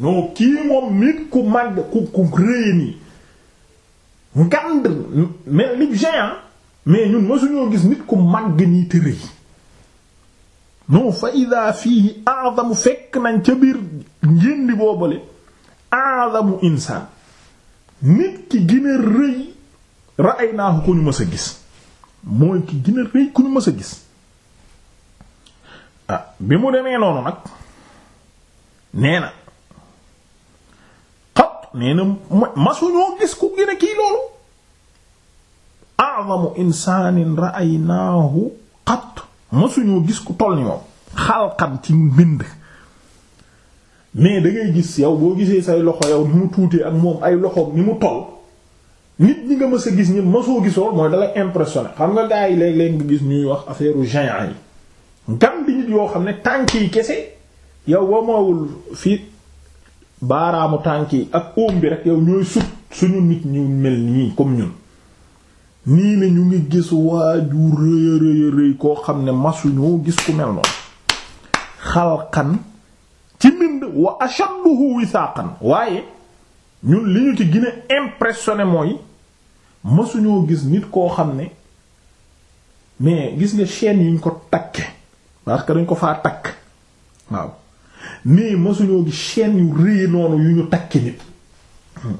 non kii moom nit ku màgg ku ku rëy nii ngand mais li géant mais ñun mësuñoo gis nit ku màgg nii te rëy non fa ida fiihi a'zamu fekk nañ ca biir njëndi boobale a'zamu insaan nit ki gën a rëy ra'aynaahu ku ñu mës a gis mooy ki gën rëy ku ñu mës a gis ah, bi mu demee noonu nag nee na nee na masuñoo gis ku gën a kii loolu a'zamu insanin ra'aynaahu qat masuñoo gis ku toll ni moom xalqan ci mbind mais da ngay gis yow boo gisee say loxo yow ni mu tuutee ak moom ay loxoom ni mu toll nit ñi nga mës sa gis ñi masoo gisoo mooy dalay impressionné xam nga gars yi léeg-léeg nga gis ñuy wax affaire géant yi gan bi nit yoo xam ne tànk yi kese yow boo fii baaraamu tànk yi ak óom bi rek ñooy sut suñu nit ñu mel nii comme ñun nii ne ñu ngi gis waaju rëy rëy rëy koo xam ne masuñoo gis ku mel noonu xalqan ci mbind wa ashadduhu wisaaqan waaye ñu li ñu ci gën a impressionné mooy masuñoo gis nit koo xam ne mais gis nga chaîne yuñ ko takke parce que dañ ko faa takk waaw mais mosuñoo gi chaîne yu rëy noonu yu ñu takki nit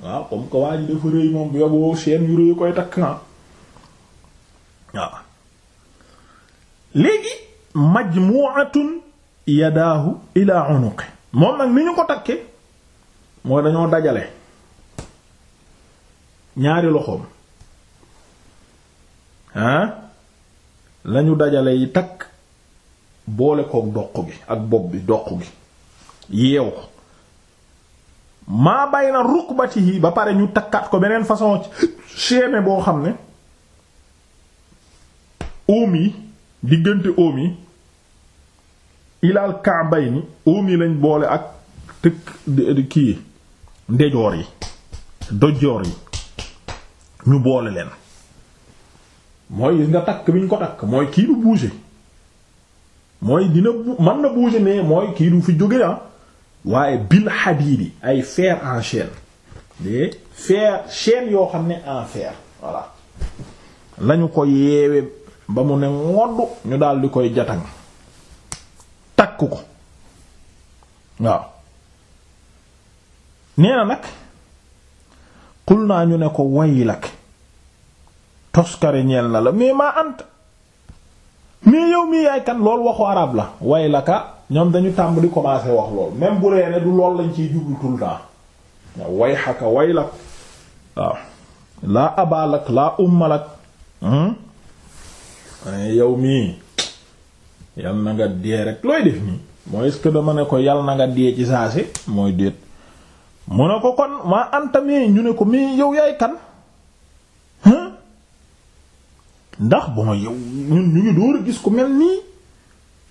waaw comme que waa ji dafa rëy moom yoboo chaîne yu rëy koy takk ah waaw léegi majmu'atun yadaahu ila unuqi moom nag ni ñu ko takke mooy dañoo dajale ñaari loxoom ah lañu dajale yi takk boole koog doq gi ak bopp bi doq gi yeew maa bay na rukbatihi ba pare ñu takkaat ko beneen façon chaîne boo xam ne óom yi diggante óom yi ilaal kaabay ni óom yi lañ boole ak tëkk kii ndejoor yi dojoor yi ñu boole leen mooy gis nga takk bi ñu ko takk mooy kii du bouger mooy dina mën na bouger mais mooy kii du fi jóge ah waaye bil yi ay fer en chaîne de fer chaîne yoo xam ne en fer voilà lañu ko yeewe ba mu ne ngodd ñu daal di koy jatan takk ko waaw nee na nag xul naa ñu ne ko waylak toskare ñeel na la mais maa ant mais yow mii yaay kan loolu waxu arab la waylaka ñoom dañu tàmbali commencé wax lool même bu dee ne du lool lañ ciy jublu tout le way xaka way lak waaw laa abaalak laa ummalak hmm? yow mii yal na nga dee rek looy def nii mooy est-ce que dama ne ko yal na nga dee ci saa si mooy déet mu ne ko kon maa antamee ñu ne ko mii yow yaay kan hmm? ndax bon yow ñun ñu ngi door gis ku mel nii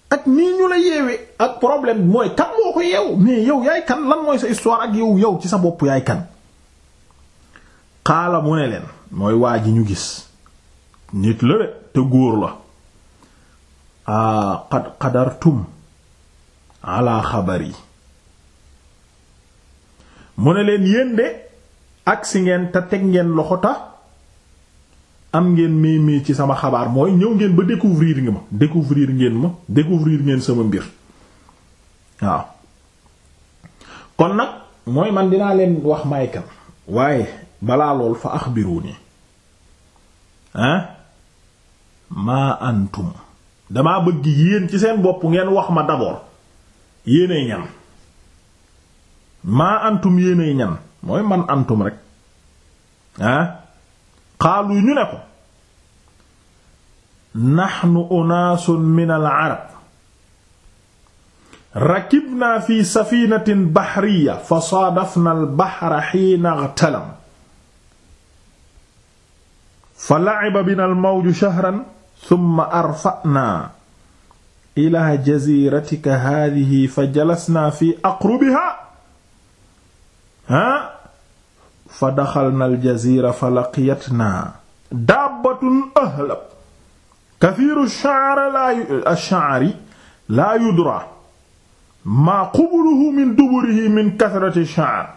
ak nii ñu la yeewee ak problème mooy kan moo ko yeew mais yow yaay kan lan mooy sa histoire ak yow yow ci sa bopp yaay kan xaala ne leen mooy waa ji ñu gis nit la te góor la a qad qadartum ala xabari mu ne leen yéen de agsi ngeen te teg ngeen loxo tax am ngeen méymée ci sama xabaar mooy ñëw ngeen ba découvrir ngi ma découvrir ngeen ma découvrir ngeen sama mbir waaw kon nag mooy man dinaa leen wax may kan waaye balaa lool fa axbiruni ah maa antum damaa bëgg yéen ci seen bopp ngeen wax ma d'abord yéenay ñan maa antum yéenay ñan mooy man antum rek ah xaalu ñu ne ko naxnu unaasun min al arab rakibna fi safinatin baxriya fa saadafna al baxra xiina agtalam fa laciba bina al mawju shahran summa arfa'na ila jaziratika haadihi fa jalasna fi aqrubiha ha fa daxalna aljazira fa laqiyatna daabatun ahlab kathiru ash-sha'ri laa yudra maa qubuluhu min duburihi min kathrati ash-sha'r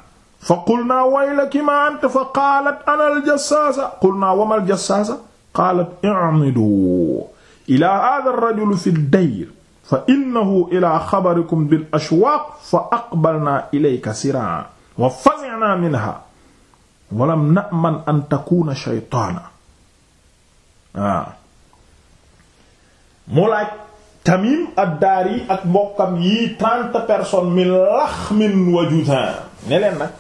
fa qulnaa waylaki maa anta fa qaalat ana aljassaasa qulnaa wa maa aljassaasa qaalat i'midu ilaa haadha ar-rajuli fi ad-dayr fa innahu ilaa xabarikum bil ashwaaq fa aqbalnaa ilayka sir'an wa fazi'naa minhaa walam na'man an takuna shaytaana waaw ah. mu laaj tamim ad-daari ak mbokkam yi trente personnes min laxmin wa juzaan ne leen nag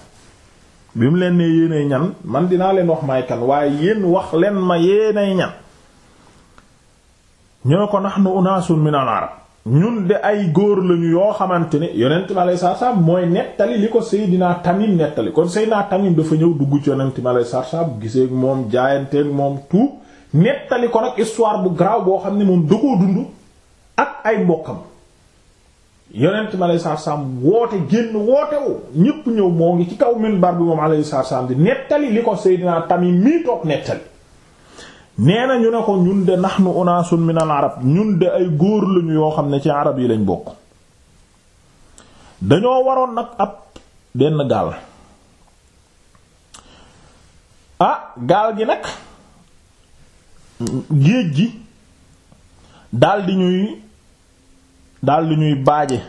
bi mu leen ne yéenay ñan man dinaa leen wax may kan waaye yéen wax leen ma yéenay ñan ñoo ko nahnu unaasun min al-arab ñun de ay góor lañu yoo xamante ne yonent bi aleyhi salaatu salaam mooy nettali li ko dinaa Tamim nettali kon Seydina Tamim dafa ñëw dugg ci yonent bi aleyhi salaatu salaam gisee moom jaayanteeg moom tuub nettali ko nag histoire bu garaaw boo xam ne moom da koo dund ak ay mbokkam yonent bi aleyhi salaatu salaam woote génn woote wu ñépp ñëw moo ngi ci kaw minbar bi moom aleyhi salaatu salaam di nettali li ko Seydina Tamim mii toog nettali. nee na ñu ne ko ñun de nahnu unaasun minal arab ñun de ay góor lañu yoo xam ne ci arab yi lañ bokk dañoo waroon nag ab benn gaal a ah gaal gi nag géej gi daldi ñuy daldi ñuy baaje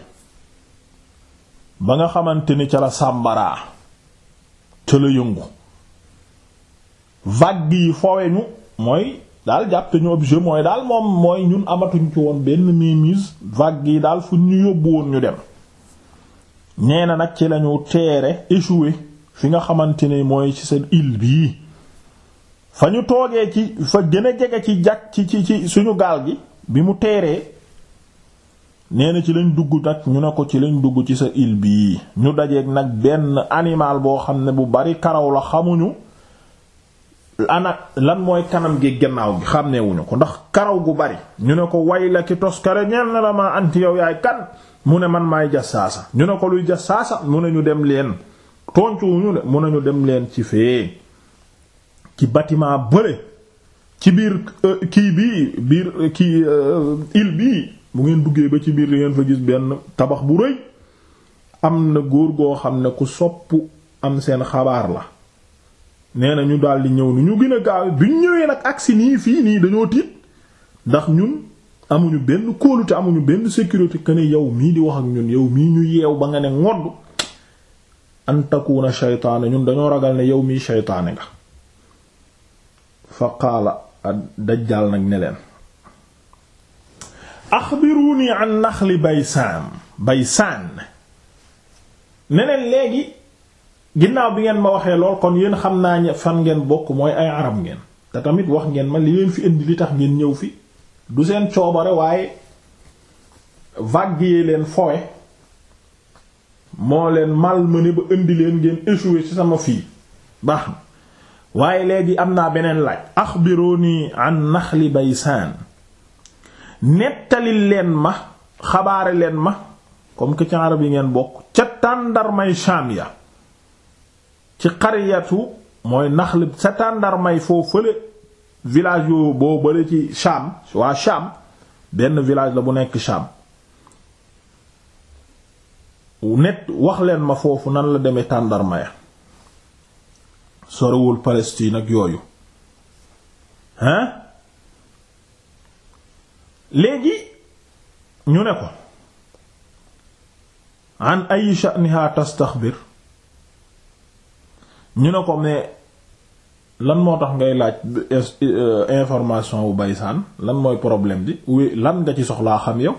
ba nga xamante ni ca la sàmbaraa ca la yëngu vague yi fowe ñu mooy daal jàpp te ñu objet mooy daal moom mooy ñun amatuñ ci woon benn mémise vague yi daal fu ñu yóbbu woon ñu dem nee nag ci lañu teere échoué fi nga xamante ne mooy ci seen île bii fa ñu toogee ci fa gën a jege ci jàkk ci suñu gaal gi bi mu teeree nee ci lañ dugg nag ñu ne ko ci lañ dugg ci sa île bi ñu dajeeg nag benn animal boo xam ne bu bari karaw la xamuñu ana lan mooy kanam gi gannaaw gi xam ne wuñu ko ndax karaw gu bari ñu ne ko way la ki toskare ñeel na la maa anti yow yaay kan mu ne man maay jassaasa ñu ne ko luy jassaasa mu ne ñu dem leen toncu ñu ne mu ne ñu dem leen ci fee ci bâtiment bële ci biir euh, kii bii biir euh, kii euh, île bii mu ngeen duggee ba ci biir di ngeen fa gis benn tabax bu rëy am na góor goo xam ne ku sopp am seen xabaar la nee na ñu daldi ñëw nu ñu gën a gaaw bi ñu ñëwee nag agsi nii fii nii dañoo tiit ndax ñun amuñu benn kóolute amuñu benn sécurité que ne yow mii di wax ak ñun yow mii ñu yeew ba nga ne ngodd antakuuna shaytaane ñun dañoo ragal ne yow mii shaytaane nga fa qaala dajjaal nag ne leen axbiruuni an naxli baysaan baysaan ne léegi ginnaaw bi ngeen ma waxee lool kon yéen xam naa fan ngeen bokk mooy ay arab ngeen te tamit wax ngeen ma li leen fi indi li tax ngeen ñëw fi du seen coobare waaye vague yee leen fowe moo leen mal ma malmené ba indi leen ngeen échoué ci sama fii baax na waaye léegi am naa beneen laaj axbiruni an naxli baysaan nettali leen ma xabaare leen ma comme que ci arab yi ngeen bokk ca tàndarmay Sham ya ci xariyatu mooy Naxl sa tàndarmay foo fële village yoo boo bëri ci Sham waa Sham benn village la bu nekk Sham net wax leen ma foofu nan la demee tàndarmaya sorewul Palestine ak yooyu hein léegi ñu ne ko an ay sha'niha tastaxbir ñu ne ko mais lan moo tax ngay laaj euh, information wu baysaan lan mooy problème bi oui lan nga ci soxlaa xam yow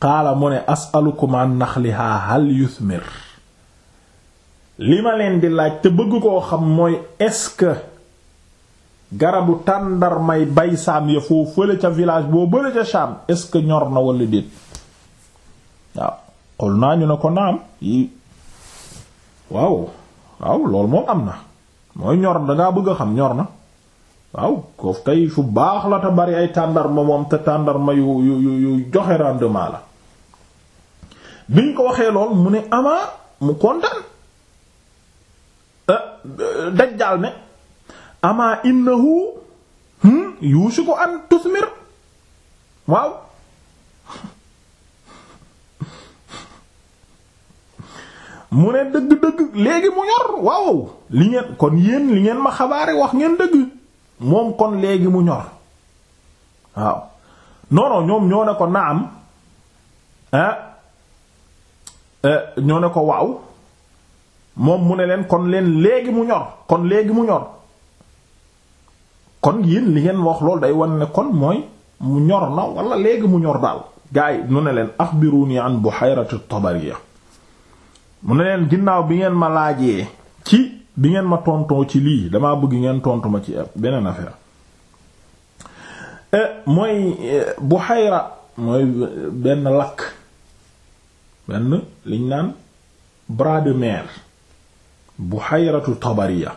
xaala mu ne as'alukum an naxliha hal yuthmir li ma leen di laaj te bëgg koo xam mooy est-ce que garabu tàndarmay baysaam ya foo fële ca village boo bële ca Sham est ñor na wala déet waaw xol naa ñu ne ko naam waaw waaw loolu moom am na mooy ñor dangaa bëgg a xam ñor na waaw koof kay su baax la te bari ay tàndarma moom te tàndarma yu yu yu joxe rendement la biñ ko waxee lool mu ne amaa mu kontaan eh, dajjaal ne amaa innahu hmm, yuusu an tusmir waaw mu ne dëgg-dëgg léegi mu ñor waaw li ngeen kon yéen li ngeen ma xabaare wax ngeen dëgg moom kon léegi mu ñor waaw non ñoom ñoo ne ko naam eh, ñoo ne ko waaw moom mu ne leen kon leen léegi mu ñor kon léegi mu ñor kon yéen li ngeen wax loolu day wan ne kon mooy mu ñor na wala léegi mu ñor daal. gaa yi nu ne leen axbiruni an buhayratu tabariya mu ne leen ginnaaw bi ngeen ma laajee ci bi ngeen ma tontoo ci lii damaa bëgg ngeen tontu ma ci beneen affaire eh, mooy eh, Buhayra mooy benn lakk benn liñ naan bras de mer Buhayratu Tabariya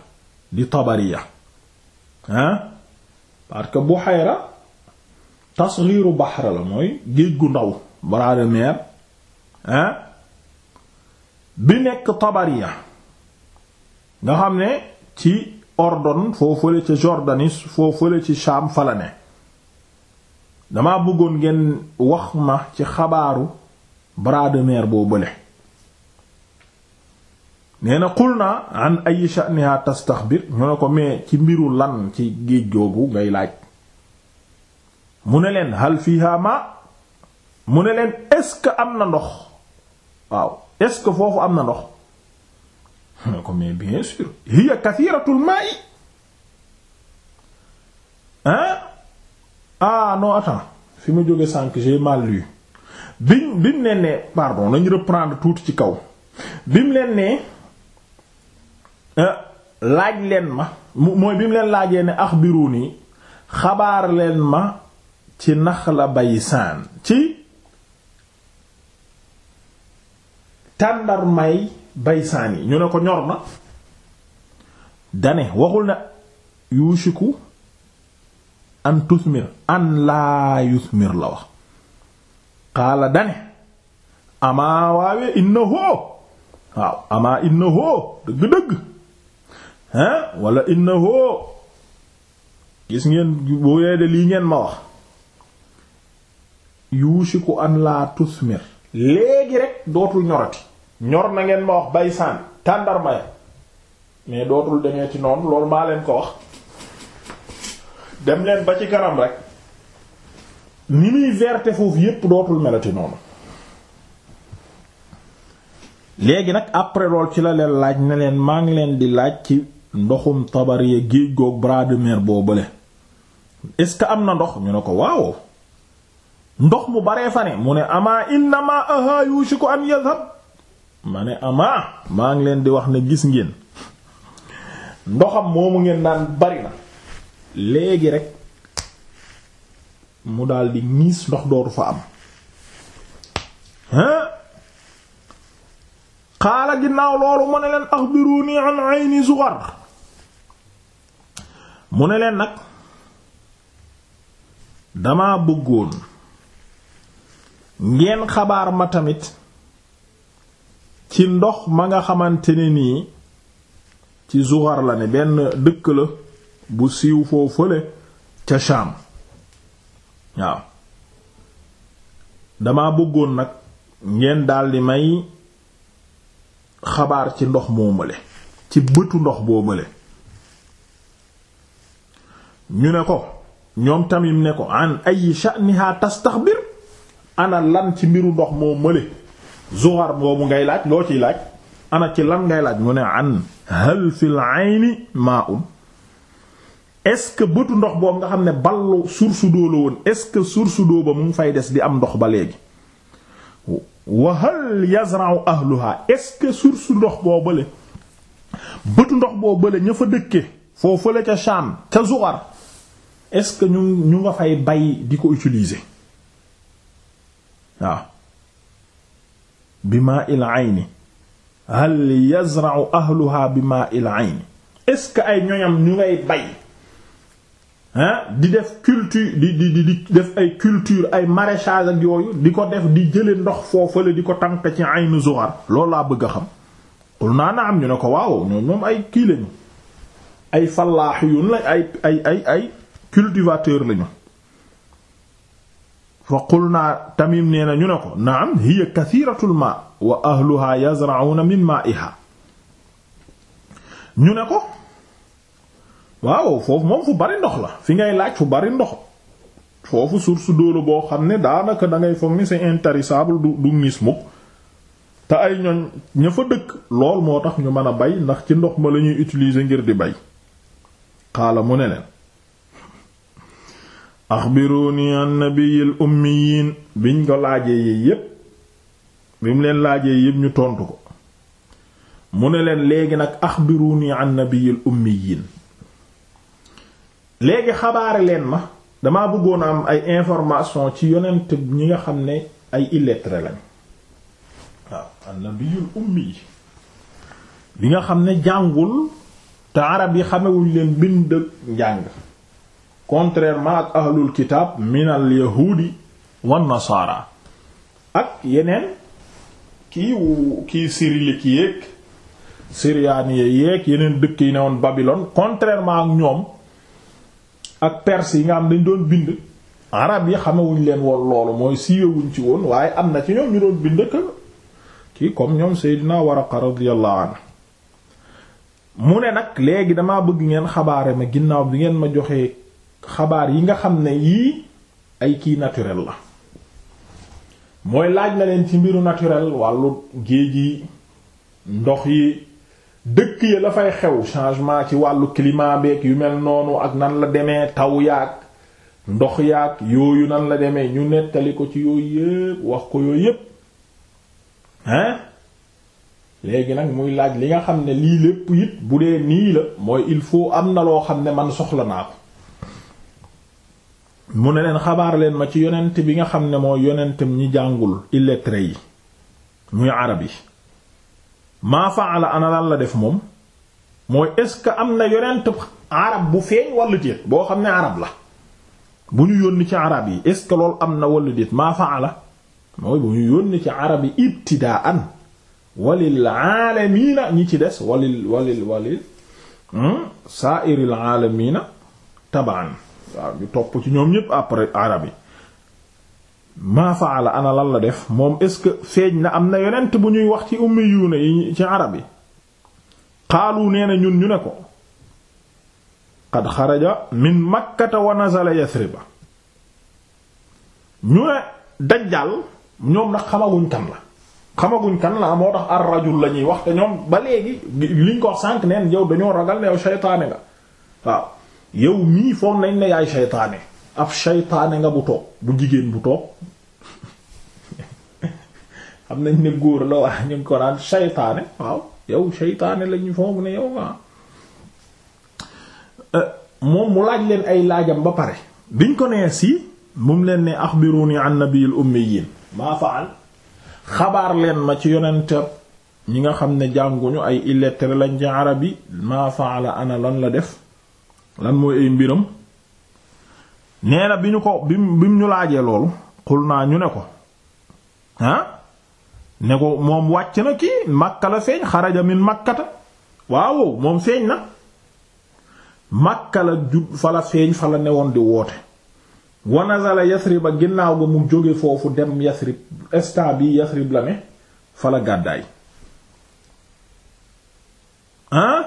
di Tabariya hein parce que Buhayra tasghiru bahra la mooy géej gu ndaw bras de mer bi nekk Tabariya nga xam ne ci Ordon foo fële Jordanis foo ci Sham fala dama bëggoon ngeen wax ma ci xabaaru bras de mer boo bële nee na xul naa an ay sha'niha tastaxbir ñu ne ko mais ci mbiru lan ci géej googu ngay laaj mu ne leen hal mu ne leen est-ce que am na ndox waaw est-ce que foofu am na ndox ne ko mais bien sûr hiya kathiratul ma'i hein ah non attends fi ma jóge sànq j'ai mal lu biñ bimu leen ne pardon nañ reprendre tuuti ci kaw bimu leen ne eh, laaj leen ma mooy bimu leen laajee ne ni xabaar leen ma ci la bay Baysaan ci tàndar may baysaan yi ñu ne ko ñor na dane waxul na yuushiku an tusmir an laa yusmir la wax xaala dane amaa waawee inna hoo waaw amaa inna hoo dëgg-dëgg hein wala inna hoo gis ngeen boo yee de lii ngeen ma wax yuushiku an laa tusmir léegi rek dootul ñorati ñor na ngeen ma wax baysaan tàndarma ya mais dootul demee ci noonu loolu maa leen ko wax dem leen ba ci kanam rek ni muy verte foofu yépp dootul melati noonu léegi nag après lool ci la leen laaj ne leen maa ngi leen di laaj ci ndoxum Tabariya géej goog bras de mer boo bële est-ce que am na ndox ñu ne ko waaw ndox mu baree fa ne mu ne amaa inna ma aha ko am yadhhab ma ne amaa maa ngi leen di wax ne gis ngeen ndoxam moomu ngeen naan bari na léegi rekk mu daldi ñiis ndox dootu fa am hein xaala ginnaaw loolu mu ne leen axbiruni an ayni zughar mu ne leen nag dama bëggoon ngeen xabaar ma tamit ci ndox ma nga xamante ne nii ci Zughar la ne benn dëkk la bu siiw foo fële ca Sham waaw dama bëggoon nag ngeen daldi may xabaar ci ndox moo mële ci bëtu ndox boo mële ñu ne ko ñoom tamit ne ko an ay sha'niha tastaxbir ana lan ci mbiru ndox moo mële zuxar boobu ngay laaj loo ciy laaj ana ci lan ngay laaj mu ne an hal fil ayni ma'un est-ce que bëtu ndox boobu nga xam ne ballu source d'eau la woon est-ce que source d'eau ba mu ngi fay des di am ndox ba léegi wa hal yazra'u ahluha est-ce que source ndox boo bële bëtu ndox boo bële ña fa dëkke foofu la ca Sham ca zuxar est-ce que ñu ñu nga fay bay di ko utiliser waaw bi maa il ayni hal yazra'u ahluha bi maa il ayni est-ce que ay ñoñam ñu ngay bay ah di def culture di di di def ay culture ay maraîchage ak yooyu di ko def di jële ndox foofale di ko tànk ci aynu zughar loolu laa bëgg a xam qul naa na am ñu ne ko waaw ñoom ñoom ay kii lañu ay fallaaxiyun la ay ay ay ay cultivateur lañu fa naa tamim nee na ñu ne ko naam hiya kathiratul ma wa ahluha yazra'una min ma'iha ñu ne ko waaw foofu moom fu bari ndox la fi ngay laaj fu bari ndox foofu source d'eau boo xam ne daanaka dangay ngay foog ni c'est intarissable du du ngis mukk te ay ñoñ ña dëkk lool moo tax ñu mën a bay ndax ci ndox ma la ñuy utiliser ngir di bay xaala mu ne leen axbiruuni an nabiyil ummiyiin biñ ko laajee yi yépp bi mu leen laajee yépp ñu tontu ko mu ne leen léegi nag axbiruuni an nabiyil ummiyiin léegi xabaare leen ma dama bëggoon am ay information ci yonent ñi nga xam ne ay illettré lañ waaw an nabiyul bi nga xam ne jàngul te arab yi xamewuñ leen bind njàng contrairement ak ahlul kitaab minal yahuudi wan nasaara ak yeneen kii kii cyrillique yéeg syriani yeeg yeneen dëkk yi ne woon Babylone contrairement ak ñoom ak perse yi nga xam dañ doon bind arab yi xamewuñ leen woon loolu mooy siiwewuñ ci woon waaye am na ci ñoom ñu kii comme ñoom Seydina Waraqa radiyallahu anhu mu ne nag léegi damaa bëgg ngeen xabaare ma ginnaaw bi ngeen ma joxee xabaar yi nga xam ne yii ay kii naturel la mooy laaj na leen ci mbiru naturel wàllu géej yi ndox yi dëkk yi la fay xew changement ci wàllu climat beeg yu mel noonu ak nan la demee taw yaag ndox yaag yooyu nan la demee ñu nettali ko ci yooyu yépp wax ko yooyu yëpp hein léegi nag muy laaj li nga xam ne lii lépp it bu dee nii la mooy il faut am na loo xam ne man soxla naa ko mu ne leen xabaar leen ma ci yonent bi nga xam ne mooy yonentem ñi jàngul illettré yi muy arab yi maa faala ana la def moom mooy est-ce que am na yonent bu feeñ walla déet boo xam ne arab la bu ñu yónni ci arab yi est-ce que loolu am na walla déet maa faala mooy bu ñu yónni ci arab yi ibtidaan walil aalamiina ñi ci des walil walil walil hmm? saa'iril aalamiina tabaan waaw ñu topp ci ñoom ñépp après arab yi maa faala ana lan la def moom est-ce que feeñ na am na yonent bu ñuy wax ci ummiyuuna yi ci arab yi xaalu nee ñun ñu ne ko qad xaraja min makkata wa nazala yasriba ñu ne dajjal ñoom nag xamaguñ kan la xamaguñ kan la moo tax ar rajul la ñuy wax te ñoom ba léegi liñ ko wax sànq neen yow dañoo ragal ne yow seytaane nga waaw yow mii foog nañ ne yaay seytaane ab seytaane nga bu toog bu jigéen bu toog xam nañ ne góor la waa ñu ngi ko naan seytaane waaw yow seytaane lañu foog ne yow euh, moom mu laaj leen ay laajam ba pare biñ ko nee si mu mu leen ne axbiruni an nabiyil ummiyin maa faal xabaar leen ma ci yonent ñi nga xam ne jànguñu ay illettré lañ ci arab yi maa faala ana lan la def lan mooy ay mbiram nee na bi ñu ko bi mu ñu laajee loolu xul naa ñu ne ko ah ne ko moom wàcc na kii Makka la feeñ xaraja min makkata waaw moom feeñ na Makka la fa la feeñ fa la newoon di woote wa nazala Yasrib a ginnaaw ba mu jóge foofu dem Yasrib instant bi Yasrib la ne fa la gàddaay ah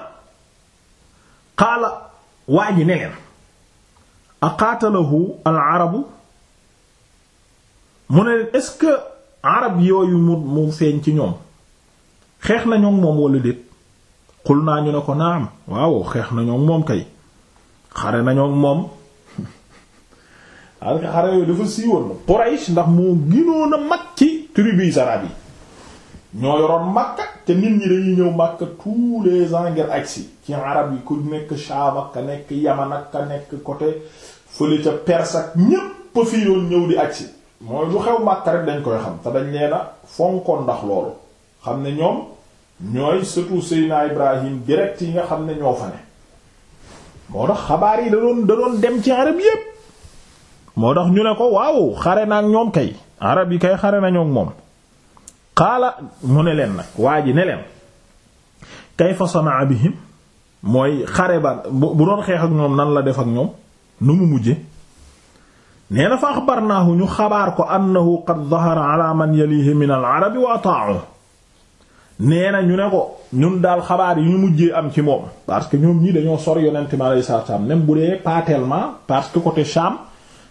qaala waa ji ne leen aqaatalahu al arabu mu ne leen est-ce que arab yooyu mu mu feeñ ci ñoom xeex na moom wala déet xul naa ñu ne ko naam waaw xeex na ñoom moom kay xare na ñoom moom xare yooyu dafa siiwoon Quraysh ndax moo ginoon a mag ci tribus arab yi ñoo yoroon Makka te nit ñi dañuy ñëw Makka tous les ans ngir agsi ci arab yi ku nekk Shaam ak ka nekk Yaman ak ka nekk côté fële ca Perse ak ñépp a fi yoon ñëw di agsi mooy lu xew Makka rek dañ koy xam te dañ leena fonkoon ndax loolu xam ne ñoom ñooy surtout Seydina Ibrahim direct yi nga xam ne ñoo fa ne moo tax xabaar yi da doon dem ci arab yépp moo tax ñu ne ko waaw xare na ak ñoom kay arab yi kay xare nañoo ak moom qaala mu ne leen nag waa ji ne leen kayfa sanaa bihim mooy xare ba bu doon xeex ak ñoom nan la def ak ñoom nu mu mujje nee na fa axbarnaahu ñu xabaar ko annahu qad dahara ala man yalihi min al arabi wa ata'u nee na ñu ne ko ñun daal xabaar yi ñu mujjee am ci moom parce que ñoom ñii dañoo sor yonent mi alayhi salaatu salaam même bu dee pas tellement parce que côté Sham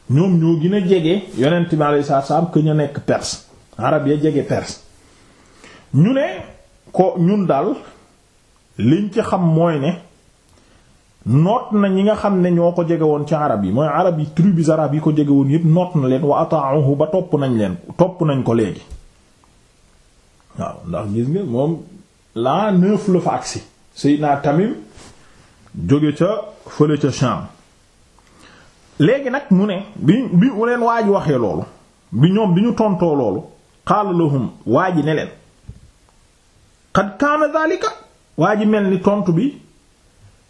ñoom ñoo gën a jege yonent mi alayhi salaatu salaam que ñu nekk Perse arab ya jege Perse ñu ne ko ñun daal liñ ci xam mooy ne noot na ñi nga xam ne ñoo ko jege woon ci arab yi mooy arab yi tribus arab yi ko jege woon yépp noot na leen wa ata'uhu ba topp nañ leen topp nañ ko léegi waaw ndax gis moom la neuf la fa agsi Seydina jóge ca fële ca Sham léegi nag mu ne bi bi leen waa ji waxee loolu bi ñoom bi ñu tontoo loolu qaala lahum ne leen xad kaana daalika waa ji mel ni tontu bi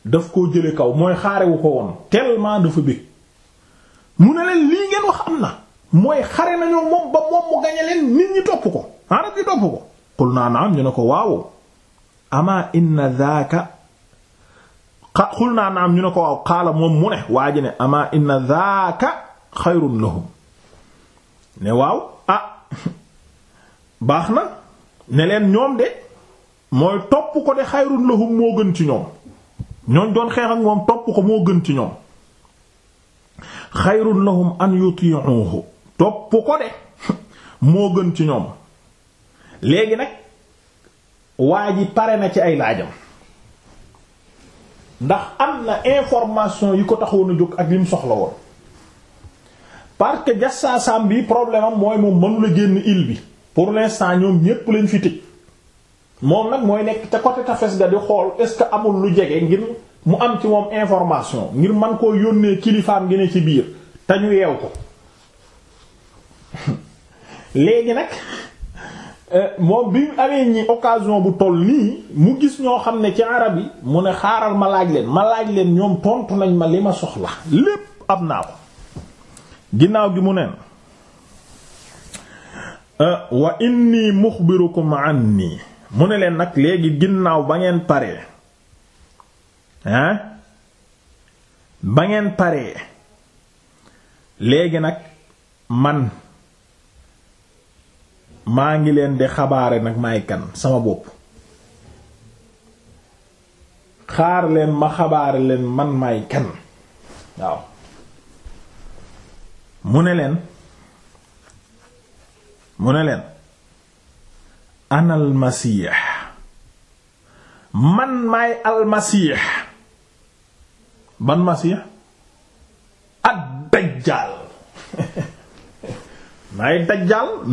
daf koo jële kaw mooy xaarewu ko woon tellement dafa bëgg mu ne leen lii ngeen wax am na mooy xare nañoo moom ba moom mu gañe leen nit ñi topp ko arab yi topp ko qul naa naam ñu ne ko waaw ama inna daaka qul naa naam ñu ne ko waaw moom mu waa ji ne ama inna daaka xayrun lahum ne waaw ah baax na ne leen ñoom de mooy topp ko de xayrun lahum moo gën ci ñoom ñooñ doon xeex moom topp ko moo gën ci ñoom xayrun lahum an yuti'uhu topp ko moo gën ci ñoom léegi nag waa ji pare na ci ay laajam ndax am na information yi ko taxoon a jóg ak li mu soxla woon parce que jassaasaam bi problème am mooy moom mënula génn il bi pour l'instant ñoom ñépp lañ fi tëj moom nag mooy nekk ca côté tafes ga di xool est-ce que amul lu jege ngir mu am ci moom information ngir man koo yónnee kilifaam gi ne ci biir te ñu yeew ko léegi nag euh, moom bi mu amee ñi occasion bu toll nii mu gis ñoo xam ne ci arab yi mu ne xaaral ma laaj leen ma laaj leen ñoom tontu nañ ma li ma soxla lépp am naa ko ginnaaw gi mu neen euh, wa inni muxbirukum anni mu ne leen nag léegi ginnaaw ba ngeen paree hein ba ngeen paree léegi nag man maa ngi leen di xabaare nag maay kan sama bopp xaar leen ma xabaare leen man may kan waaw mu ne leen mu ne leen ana almasiix man maay almasiix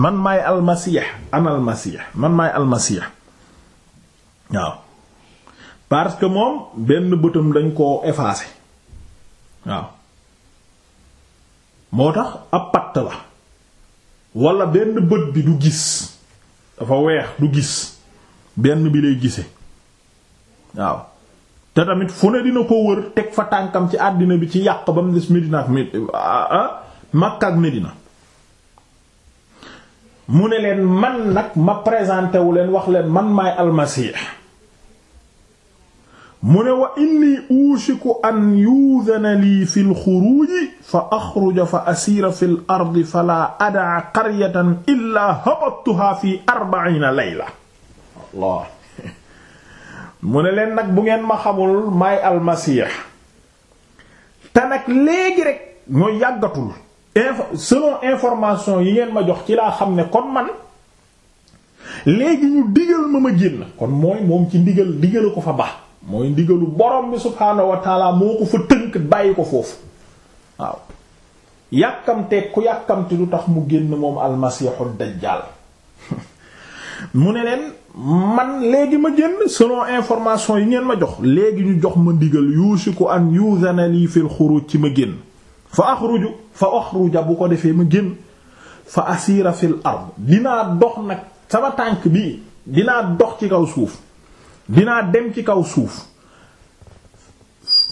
man maay almasiix ana almasiix man maay almasiix waaw parce que moom benn bëtam dañ koo effacé waaw moo tax ab patt la walla benn bët bi du gis dafa weex du gis benn bi lay gise waaw te tamit fu ne dina ko wër teg fa tànkam ci àddina bi ci yàq ba mu des Medina ak ah, ah, Makka ak Medina mu ne leen man nag ma présenté wu leen wax leen man maay almasiix mu ne wa inni uushiku an yuudana lii fi lxuruuji fa axruja fa asiira fi l ardi falaa adaa qaryatan illaa habattuhaa fi arbaina layla mu ne leen nag bu ngeen ma xamul maay almasiix te nag léegi rek mooy yàggatul info information yi ngeen ma jox ci laa xam ne kon man léegi ñu digal ma ma na kon mooy moom ci ndigal digal ko fa baax mooy ndigalu borom bi subhaanahu wa taala moo ko fa tënk bàyyi ko foofu waaw yàkkamteeg ku yàkkamti lu tax mu génn moom almasiixu dajjaal mu ne leen man léegi ma génn selon information yi ngeen ma jox léegi ñu jox ma ndigal yuusiku an yuzana yi fil xuruj ci ma génn fa axruju fa axruja bu ko defee ma génn fa asiira fil ard dinaa dox nag sama tànk bi dinaa dox ci kaw suuf dinaa dem ci kaw suuf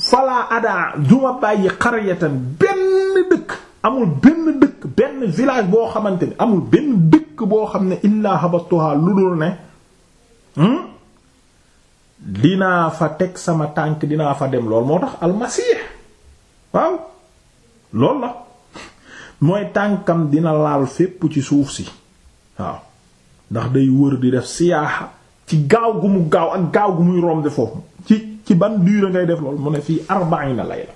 fala ada duma bàyyi xaryatan benn dëkk amul benn dëkk benn village boo xamante ni amul benn dëkk boo xam ne illaa habattuha lu dul ne hmm? dinaa fa teg sama tànk dinaa fa dem lool moo tax almasiix waaw loolu la mooy tànkam dina laal fépp ci suuf si waaw ndax day wër di def siyaaxa ci gaaw gu mu gaaw ak gaaw gu muy romb foofu ci ci ban durée ngay def loolu mu ne fii arbaina layla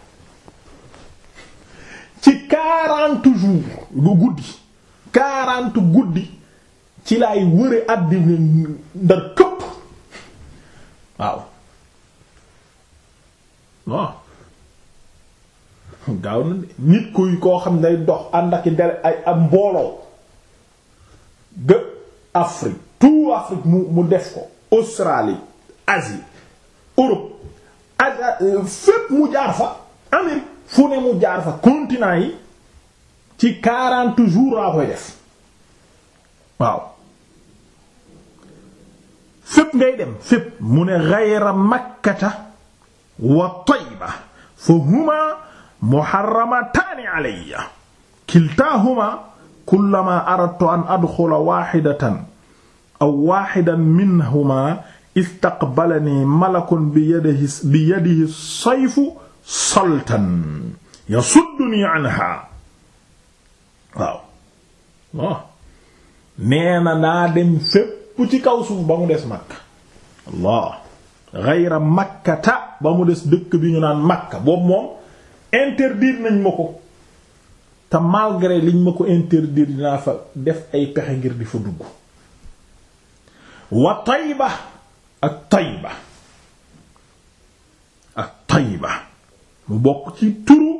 ci quarante jours bu guddi quarante guddi ci laay wëre àddina ndar këpp waaw waaw gaaw na nit kuy koo xam ne day dox ànd ak dere ay am mbooloo ga Afrique tout Afrique mu def ko Australie Asie Europe ak euh, mu jaar fa Amérique mu jaar fa ci quarante jours laa koy def waaw ngay dem fépp mu ne makkata wa tayba fa huma muharramataani alayya kiltaahuma kullama aradtu an adxula waahidatan aw waaxidan minhuma istaqbalani malakun bi yadihi bi yadihi sayfu saltan yasudduni anha waaw waaw oh. na naa dem fépp ci kaw suuf ba mu des Makka Allah ghayra ba mu des dëkk bi ñu naan Makka boobu moom interdire te malgré liñ ma ko interdire dinaa fa def ay pexe ngir di fa dugg wa tayba ak tayba ak tayba mu bokk ci turu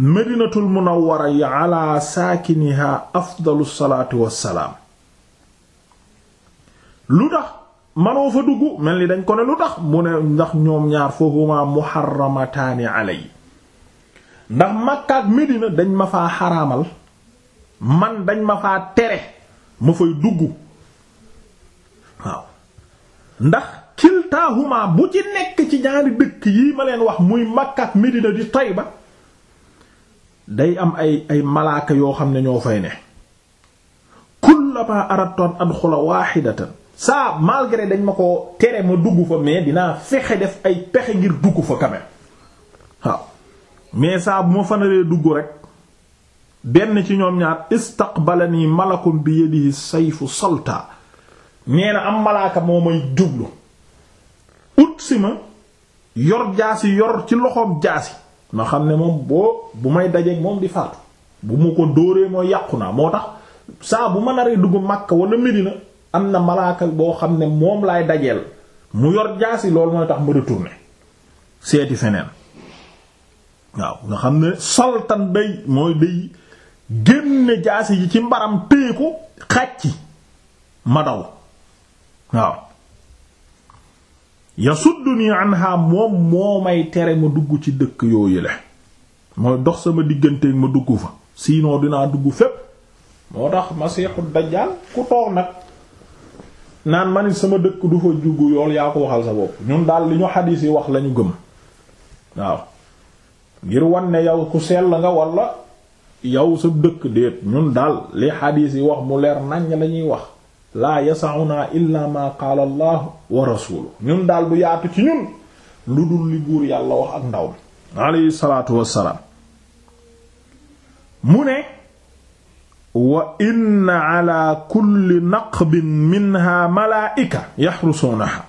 madinatul munawwara yi ala saakiniha afdalu salaatu wassalaam lu tax manoo fa dugg mel ni dañ ko ne lu tax mu ne ndax ñoom ñaar fahuma muharramataani yi ndax Makka ak Medina dañ ma faa xaraamal man dañ ma faa tere ma fay dugg ndax kiltaahuma bu ci nekk ci ñaari dëkk yi ma leen wax muy Makka ak Medina di ba day am ay ay malaaka yoo xam ne ñoo fay ne kullama aradtu an adxula waahidatan saa malgré dañ ma ko tere ma dugg fa mais dinaa fexe def ay pexe ngir dugg fa quand même mais saa bu ma fanaree dugg rek benn ci ñoom ñaar istaqbalani malakun bi yadihi sayfu solta nee na am malaaka moo may jublu ut si ma yor jaasi yor ci loxoom jaasi ma xam ne moom boo bu may dajeeg moom di faatu bu mu ko dóoree mooy yàqu naa moo tax saa bu ma naree dugg màkk wala Medina am na malaaka boo xam ne moom laay dajeel mu yor jaasi loolu mooy tax mu retourné seeti feneen waaw nga xam ne soltan day mooy day génne jaasi yi ci mbaram téye ko xàcc ma daw waaw yasudduni anha moom moo may tere ma dugg ci dëkk yoo yële mooy dox sama digganteeg ma dugg fa sinon dinaa dugg fépp moo tax masiixu dajjaal ku toog nag naan ma sama dëkk du fa jugg yool yaa ko waxal sa bopp ñun daal li ñu xadiis wax lañu gëm waaw ngir wan ne yow ku sell nga wala yow sa dëkk déet ñun daal li xadiis wax mu leer naññ lañuy wax laa yasauna illa ma qaala allah wa rasulu ñun daal bu yaatu ci ñun lu dul li buur yàlla wax ak ndaw bi aleyhi salaatu wassalaam mu ne wa inna ala kulli naqbin minha malaa'ika yaxrusuunaha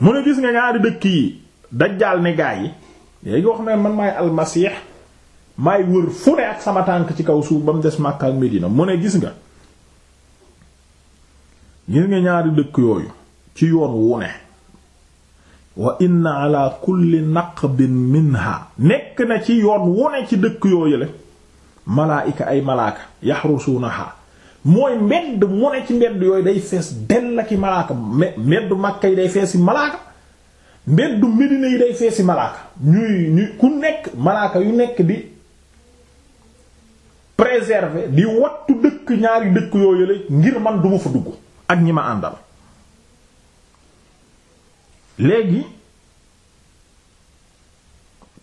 mu ne gis nga ñaari dëkk yi dajjaal ne gaa yi léegi wax na man maay almasiix maay wër fu ne ak sama tànk ci kaw suuf ba mu des Makka ak Medina mu ne gis nga gis nga ñaari dëkk yooyu ci yoon wu ne wa inna ala kulli naqbin minha nekk na ci yoon wu ci dëkk yooyu le malaayika ay malaaka yaxrusuunaha mooy mbedd mu ne ci mbedd yooyu day fees del la ki malaaka mbeddu Makka yi day feesi malaaka mbeddu Medina yi day feesi malaaka ñuy ku nekk malaaka yu nekk di préserver di wattu dëkk ñaari dëkk yooyu le ngir man duma fa dugg ak ñi ma àndal léegi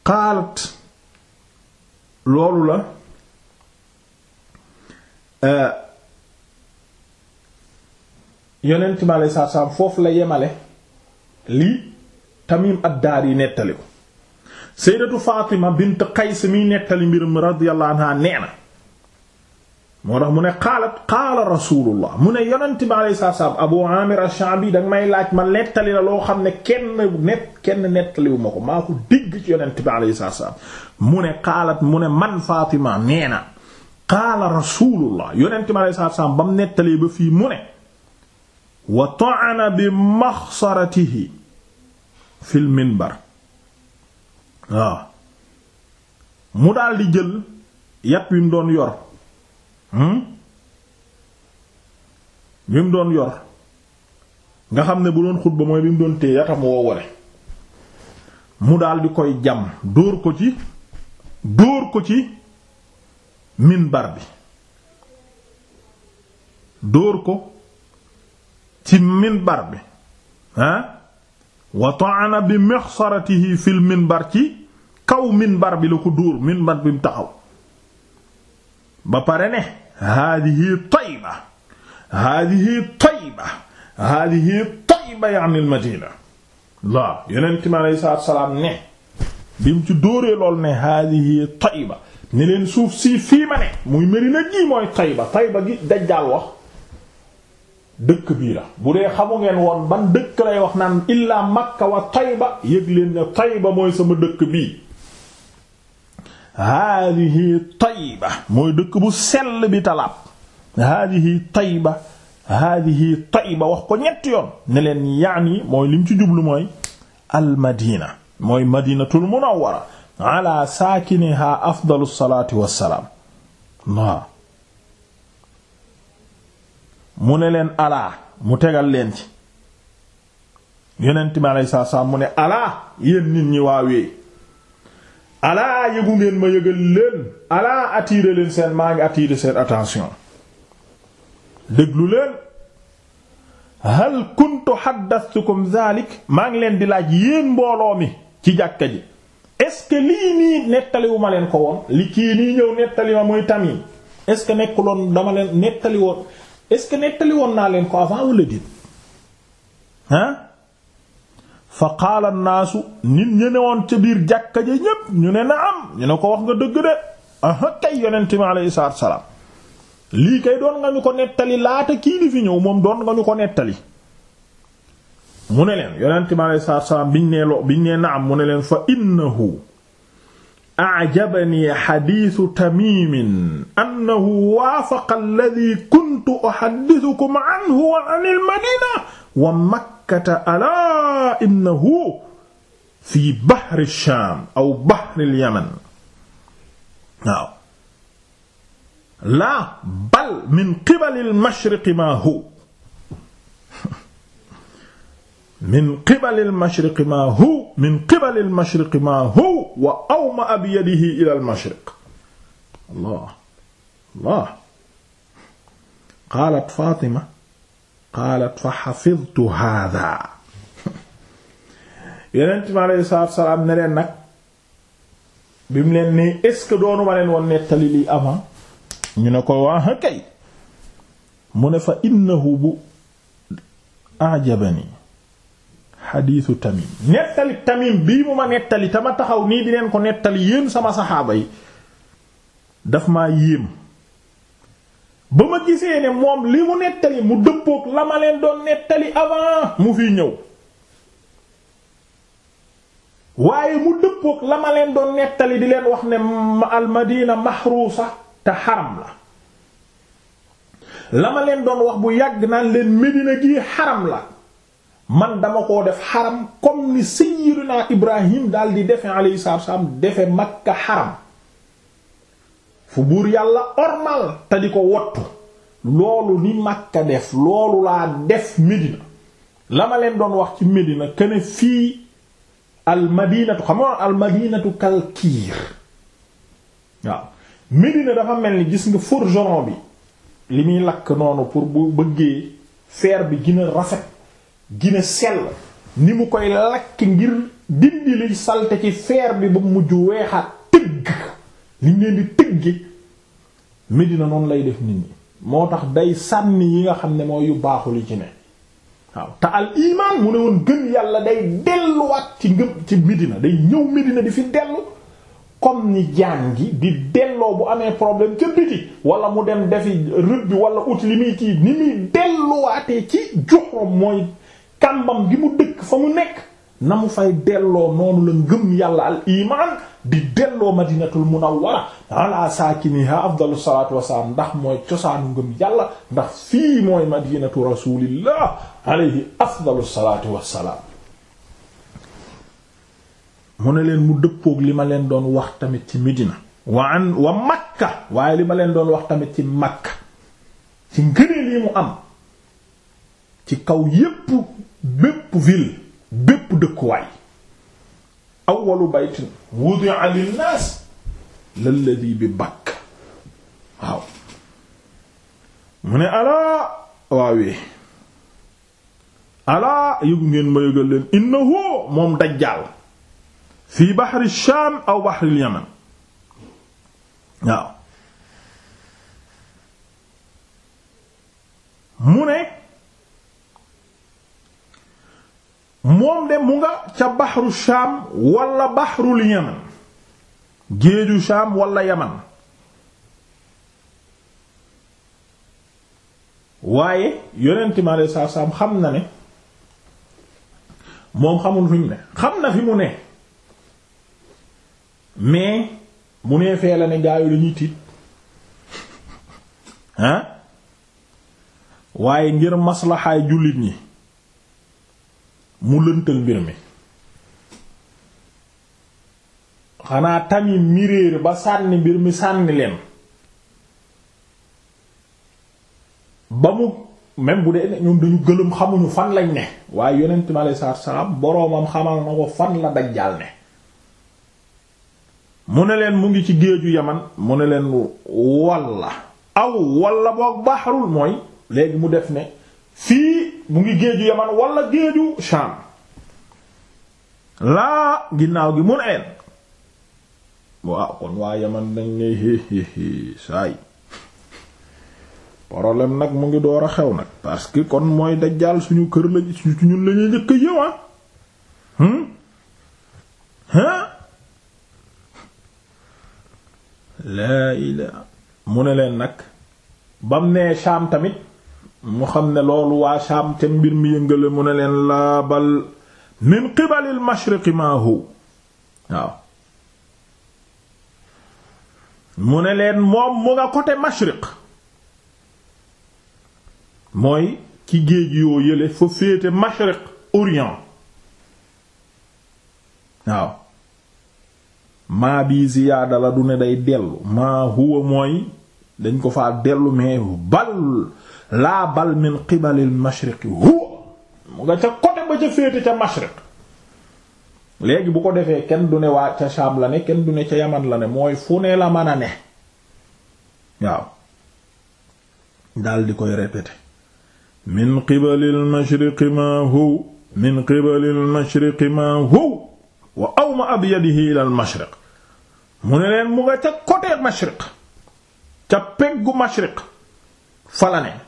xaalat loolu la euh, yonent mi aleyhi salaatu foofu la yemale lii Tamim ad-Dari nettali ko Sayyidatu Fatima bint Qays miy nettali mbirum radiyallahu anha nee na moo tax mu ne qaalat qaala rasulullah mu ne yonent bi alayhi salaatu salaam abu amir ash-sha'bi danga may laaj ma nettali la loo xam ne kenn net kenn nettaliwu ko maa ko digg ci yonent bi alayhi salaatu salaam mu ne qaalat mu ne man fatima na qaala rasulullah yonent ba mu nettalee ba fii mu ne wa ta'ana bi maxsaratihi fil minbar waaw mu daal di jël yat yu mu doon yor bi hmm? mu doon yor nga xam ne bu doon xutba mooy bi mu doon téye yatam woo wole mu dal di koy jàmm dóor ko ci dóor ko ci minbar bi dóor ko ci minbar bi ah wa ta'ana bi mixsaratihi fil minbar ci kaw bar bi la ko dóor minbar bi mu taxaw ba pare ne haadihi tayba haadihi tayba haadihi tayba ya'ni al-madina yeneen yonent mi alayhi salaatu salaam ne bi mu ci dóoree lool ne haadihi tayba ne leen suuf si fii ma ne muy Medina gi mooy tayba tayba gi dajjaal wax dëkk bii la bu dee xamu ngeen woon ban dëkk lay wax nan illaa makka wa tayba yëg leen ne tayba mooy sama dëkk bii haadihi tayba mooy dëkk bu sell bi talaab haadihi tayba haadihi tayba wax ko ñetti yoon ne leen yaani mooy lim ci jublu mooy almadina mooy madinatul munawwara ala saakiniha afdalu salaati wassalaam mu ne leen alaa mu tegal leen ci yonent mi alayhi salaam mu alaa yéen ñi waawee alaa yëgu ngeen ma yëgal leen alaa attirer leen seen maa ngi attirer seen attention déglu leen hal kuntu haddathtukum zalik maa ngi leen di laaj yéen mbooloo mi ci jàkka ji est-ce que lii nii nettaliwu ma leen ko woon li kii nii ñëw nettali ma muy tam yi est-ce que nekkuloon dama leen nettali woon est-ce que nettali woon naa leen ko avant wala déet ah fa qaala naasu nit ñu ne woon ca biir jàkka ja ñépp ñu ne naam ñu ne ko wax nga dëgg de aha kay yonent mi alayhi salaatu salaam lii kay doon nga ñu ko nettali laata kii di fi ñëw moom doon nga ñu ko nettali mu ne leen yonent mi alayhi salaatu salaam biñ nee loo biñ nee naam mu ne leen fa innahu ajabani xadiisu tamimin annahu waafaqa alladi kuntu uxaddisukum anhu wa an il madina wa makka makkata alaa innahu fi bahri shaam aw bahri alyaman waaw laa bal min qibali almashriqi maa hu min qibali almashriqi maa hu min qibali almashriqi maa hu wa awma biyadihi ila almashriq allah allah qaalat Faatima qaalat fa xafidtu haadaa yonent mi aleyhi salaatu salaam ne leen nag bi mu leen nii est-ce que leen woon nettali lii avant ñu ne ko waa ah, kay mu ne fa innahu bu ajabani xadiisu tamim nettali tamim bii mu ma nettali te taxaw nii di leen ko nettali yéen sama saxaaba yi daf maa yéem ba ma gisee ne moom li mu nettali mu dëppook la ma leen doon nettali avant mu fi ñëw waaye mu dëppook la ma leen doon nettali di leen wax ne al madina mahruusa te xaram la la ma leen doon wax bu yàgg naan leen medina gi xaram la man dama ko def xaram comme ni sayyidina ibrahim daal di defe alayhi salaam defe makka xaram fu buur yàlla ormal te di ko wottu loolu ni Makka def loolu laa def Medina la ma leen doon wax ci Medina kene fii al madinatu xam nga al kalkiir waaw Medina dafa mel ni gis nga forgeron bi li muy lakk noonu pour bu bëggee fer bi gën rafet gën a sell ni mu koy lakk ngir dindi liy salte ci fer bi ba mujj weexaat tëgg ni mu leen di tëgge Medina noonu lay def nit ñi moo tax day sànni yi nga xam ne mooy yu baaxul yi ci ne waaw te al imaan mu ne woon gën yàlla day delluwaat ci ngëm ci Medina day ñëw Medina di fi dellu comme ni jaan gi di delloo bu amee problème ca biti wala mu dem defi rëbb bi wala ut li muy kii ni muy delluwaatee ci joxoom mooy kàmbam gi mu dëkk fa mu nekk na mu fay delloo noonu la ngëm yàlla al iman di delloo madinatul munawwara ala saakiniha afdalu salatu wasalaam ndax mooy cosaanu ngëm yàlla ndax fii mooy madinatu rasulillah alayhi afdalu salatu wasalaam mu ne leen mu dëppoog li ma leen doon wax tamit ci Medina wa an wa makka waaye li ma leen doon wax tamit ci makka ci ngëneel yi mu am ci kaw yépp bépp ville bépp dëkkuwaay awwalu baytin wudi'a linnaas lalladhi alaa waawee alaa yëgu ngeen ma yëgal leen innahu moom dajjaal fii bahri shaam aw bahri yaman waaw mu ne moom de mu nga ca baxru Shaam walla baxrul Yaman géeju Shaam wala Yaman waaye yonenti ma saa saam xam na ne moom xamul fi mu ne xam na fi mu ne mais mu nee fee ne gaayu dañuy tiit ah waaye ngir maslaxaay jullit ñi mu lëntal mbir mi xanaa tamit miréer ba sànni mbir mi sànni leen ba mu même bu dee ñoom dañu gëlëm xamuñu fan lañ ne waaye yonent mi salaam boroomam xamal na ko fan la dajjaal ne mu ne leen mu ngi ci géeju yaman mu ne leen walla aw walla boog baxarul mooy léegi mu def ne fii mu ngi géeju yaman wala géeju Sham laa ginnaaw gi mun een waaw kon waa yaman dañ ne héhéhé saay problème nag mu ngi door a xew nag parce que kon mooy dajjaal suñu kër la suñu lañuy njëkk yëwa ah. hum laa ilaa mu ne leen nag bam nee Sham tamit mu xam ne loolu waa Sham te mbir mi yëngale mu ne leen laa bal min qibalil mashriqi ma hu waaw mu ne leen moom mu nga côté mashriq mooy ci géej yoo yële fa féete mashriq orient waaw maa bi ziyaada du ne day dellu maa huwa mooy dañ ko faa dellu mais bal laa bal min qibalil mashriqi huwa mu nga ca côté ba ca féete ca mashriq léegi bu ko defee kenn du ne waa ca Sham la ne kenn du ne ca Yaman la ne mooy fu ne la mën a ne waaw dal di koy répéter min qibalil mashriqi ma huwa min qibalil mashriqi ma huwa wa awma ab yadihi ila al mashriq mu ne leen mu nga ca côté mashriq ca peggu mashriq fa ne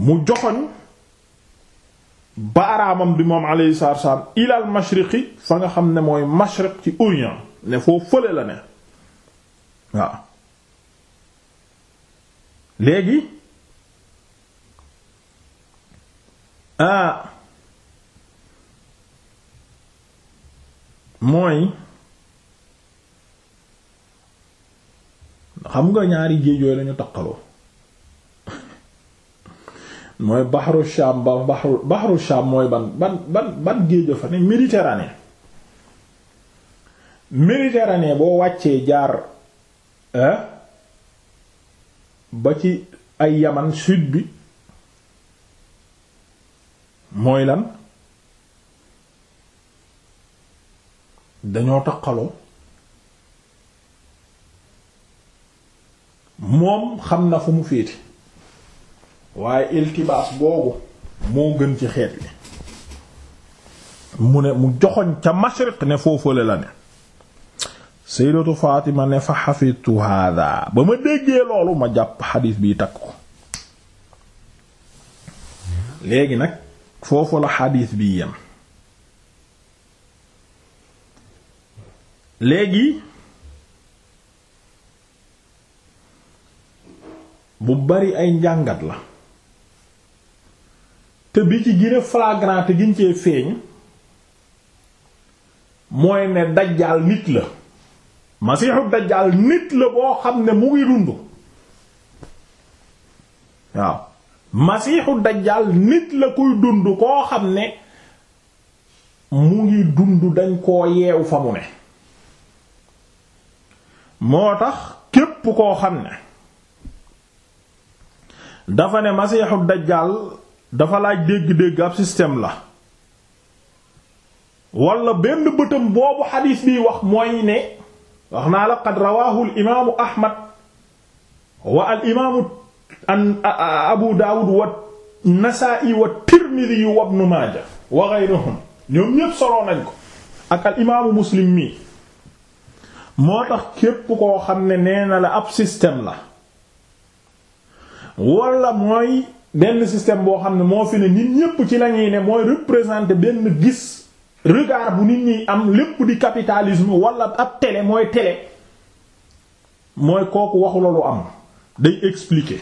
mu joxoñ baaraamam bi moom alayhi salaatu wa salaam mashriqi fa nga xam ne mooy mashriq ci orient ne foo fële la ne waaw léegi ah mooy xam nga ñaari géej yooyu lañu takkaloo mooy baxaru Sham ba baxaru baxaru Sham mooy ban ban ban ban fa ne Méditerranée Méditerranée boo wàccee jaar ba ci ay Yaman sud bi mooy lan dañoo taqaloo moom xam na fu mu féete waaye iltibaas boobu moo gën ci xeet wi mu ne mu joxoñ ca mashriq ne foofale la ne sayyidatu Fatima ne fa xafitu hada ba ma déggee loolu ma jàpp xadiis bi takk ko léegi nag foofu la xadiis bi yem léegi bu bari ay njàngat la te bi ci gën a flagrant te giñ cee feeñ mooy ne dajjaal nit la masiixu dajjaal nit la boo xam ne mu ngi dund waaw masiixu dajjaal nit la kuy dund koo xam ne mu ngi dund dañ koo yeewu fa mu ne moo tax képp koo xam ne dafa ne masiixu dajjaal dafa laaj dégg-dégg ab système la wala benn bëtam boobu xadiis bi wax mooy ne wax naa la qad rawahu al imaamu ahmad wa al imaamu abu daawud wa nasaa'i wa tirmidi wa ibnu maaja wa gayruhum ñoom ñépp soloo ko ak al imaamu muslim mi moo tax képp koo xam ne nee na la ab sistem la wala mooy benn système boo xam ne moo fi ne nit ñépp ci la ñuy ne mooy représenter benn gis regard bu nit ñi am lépp di capitalisme wala ab tele mooy télé mooy kooku waxu la am day expliquer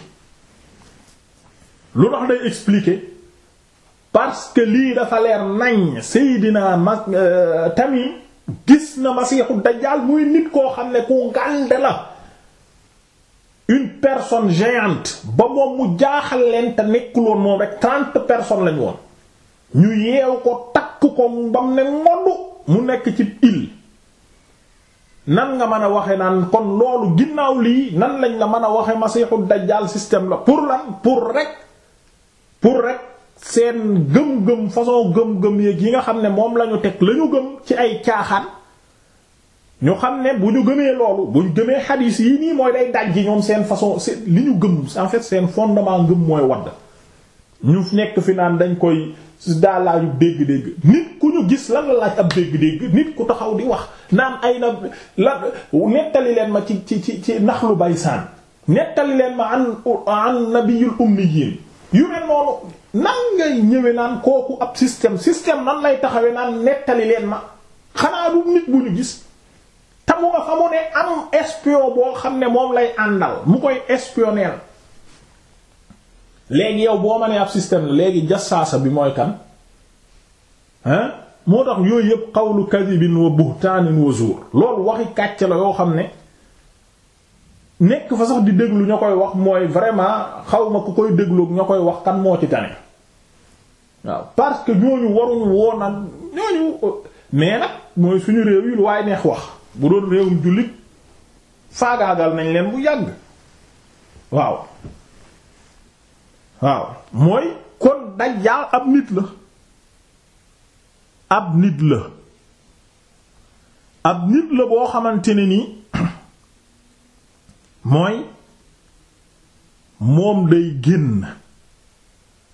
lu tax day expliquer parce que lii dafa leer nañ Seydina ma euh, Tamim gis na Masiixu Dajjaal muy nit koo xam ne ku ngànde la une personne géante ba moom mu jaaxal leen te nekkuloon moom rek trente personnes lañu woon ñu yeew ko takk ko mbam ne ngondu mu nekk ci île nan nga mën a waxe naan kon loolu ginnaaw lii nan lañ la mën a waxe masiixu dajjaal système la pour lan pour rek pour seen gëm-gëm façon gëm-gëm yéeg yi nga xam ne moom lañu teg lañu gëm ci ay caaxaan ñu xam ne bu ñu gëmee loolu bu ñu gëmee xadiis yi nii mooy day daj ji ñoom seen façon li ñu gëm en fait seen fondement ngëm mooy wadd ñu nekk fi naan dañ koy daa laaju dégg-dégg nit ku ñu gis lan la laaj ab dégg-dégg nit ku taxaw di wax naan ay na la nettali leen ma ci ci ci ci naxlu baysaan nettali leen ma an an nabiyul ummiyin yu ne noonu nan ngay ñëwe naan kooku ab système système nan lay taxawee naan nettali leen ma xanaa du nit bu ñu gis te mu nga fa ne am espion boo xam ne moom lay àndal mu koy espionner léegi yow boo ma nee ab système la léegi jassaasa bi mooy kan hein moo tax yooyu yëpp xawlu kadibin wa buhtaanin wa zuur loolu waxi kàcc la yoo xam ne nekk fa sax di déglu ña koy wax mooy vraiment xaw ma ku koy déglu ña koy wax kan moo ci tane waaw parce que ñooñu waruñu woon ñooñu mais nag mooy suñu réew yi lu waaye neex wax. bu doon réewum jullit faagaagal nañ leen bu yàgg waaw waaw mooy kon dajjaal ab nit la ab nit la ab nit la boo xamante ne nii mooy moom day génn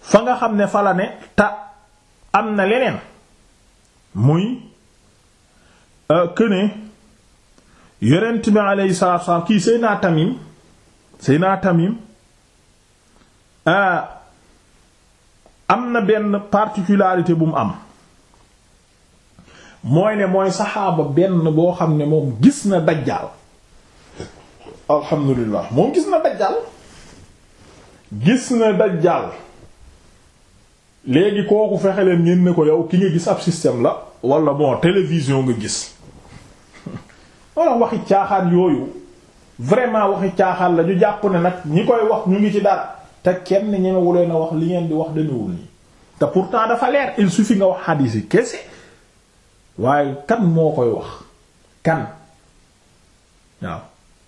fa nga xam ne fala ne ta am na leneen muy këne euh, yonent bi alayhi salaatu kii salaam kii Seydina Tamim Seydina Tamim ah am na benn particularité bu mu am mooy ne mooy saxaaba benn boo xam ne moom gis na dajjaal alhamdulilah moom gis na dajjaal gis na dajjaal léegi kooku fexe leen ngeen ne ko yow ki nga gis ab système la wala bon télévision nga gis. wala waxi caaxaan yooyu vraiment waxi caaxaan la ñu jàpp ne nag ñi koy wax ñu ngi ci dara te kenn ñemewuleen a wax li ngeen di wax demewul nii te pourtant dafa leer il fi nga wax xadiis yi kese waaye kan moo koy wax kan waaw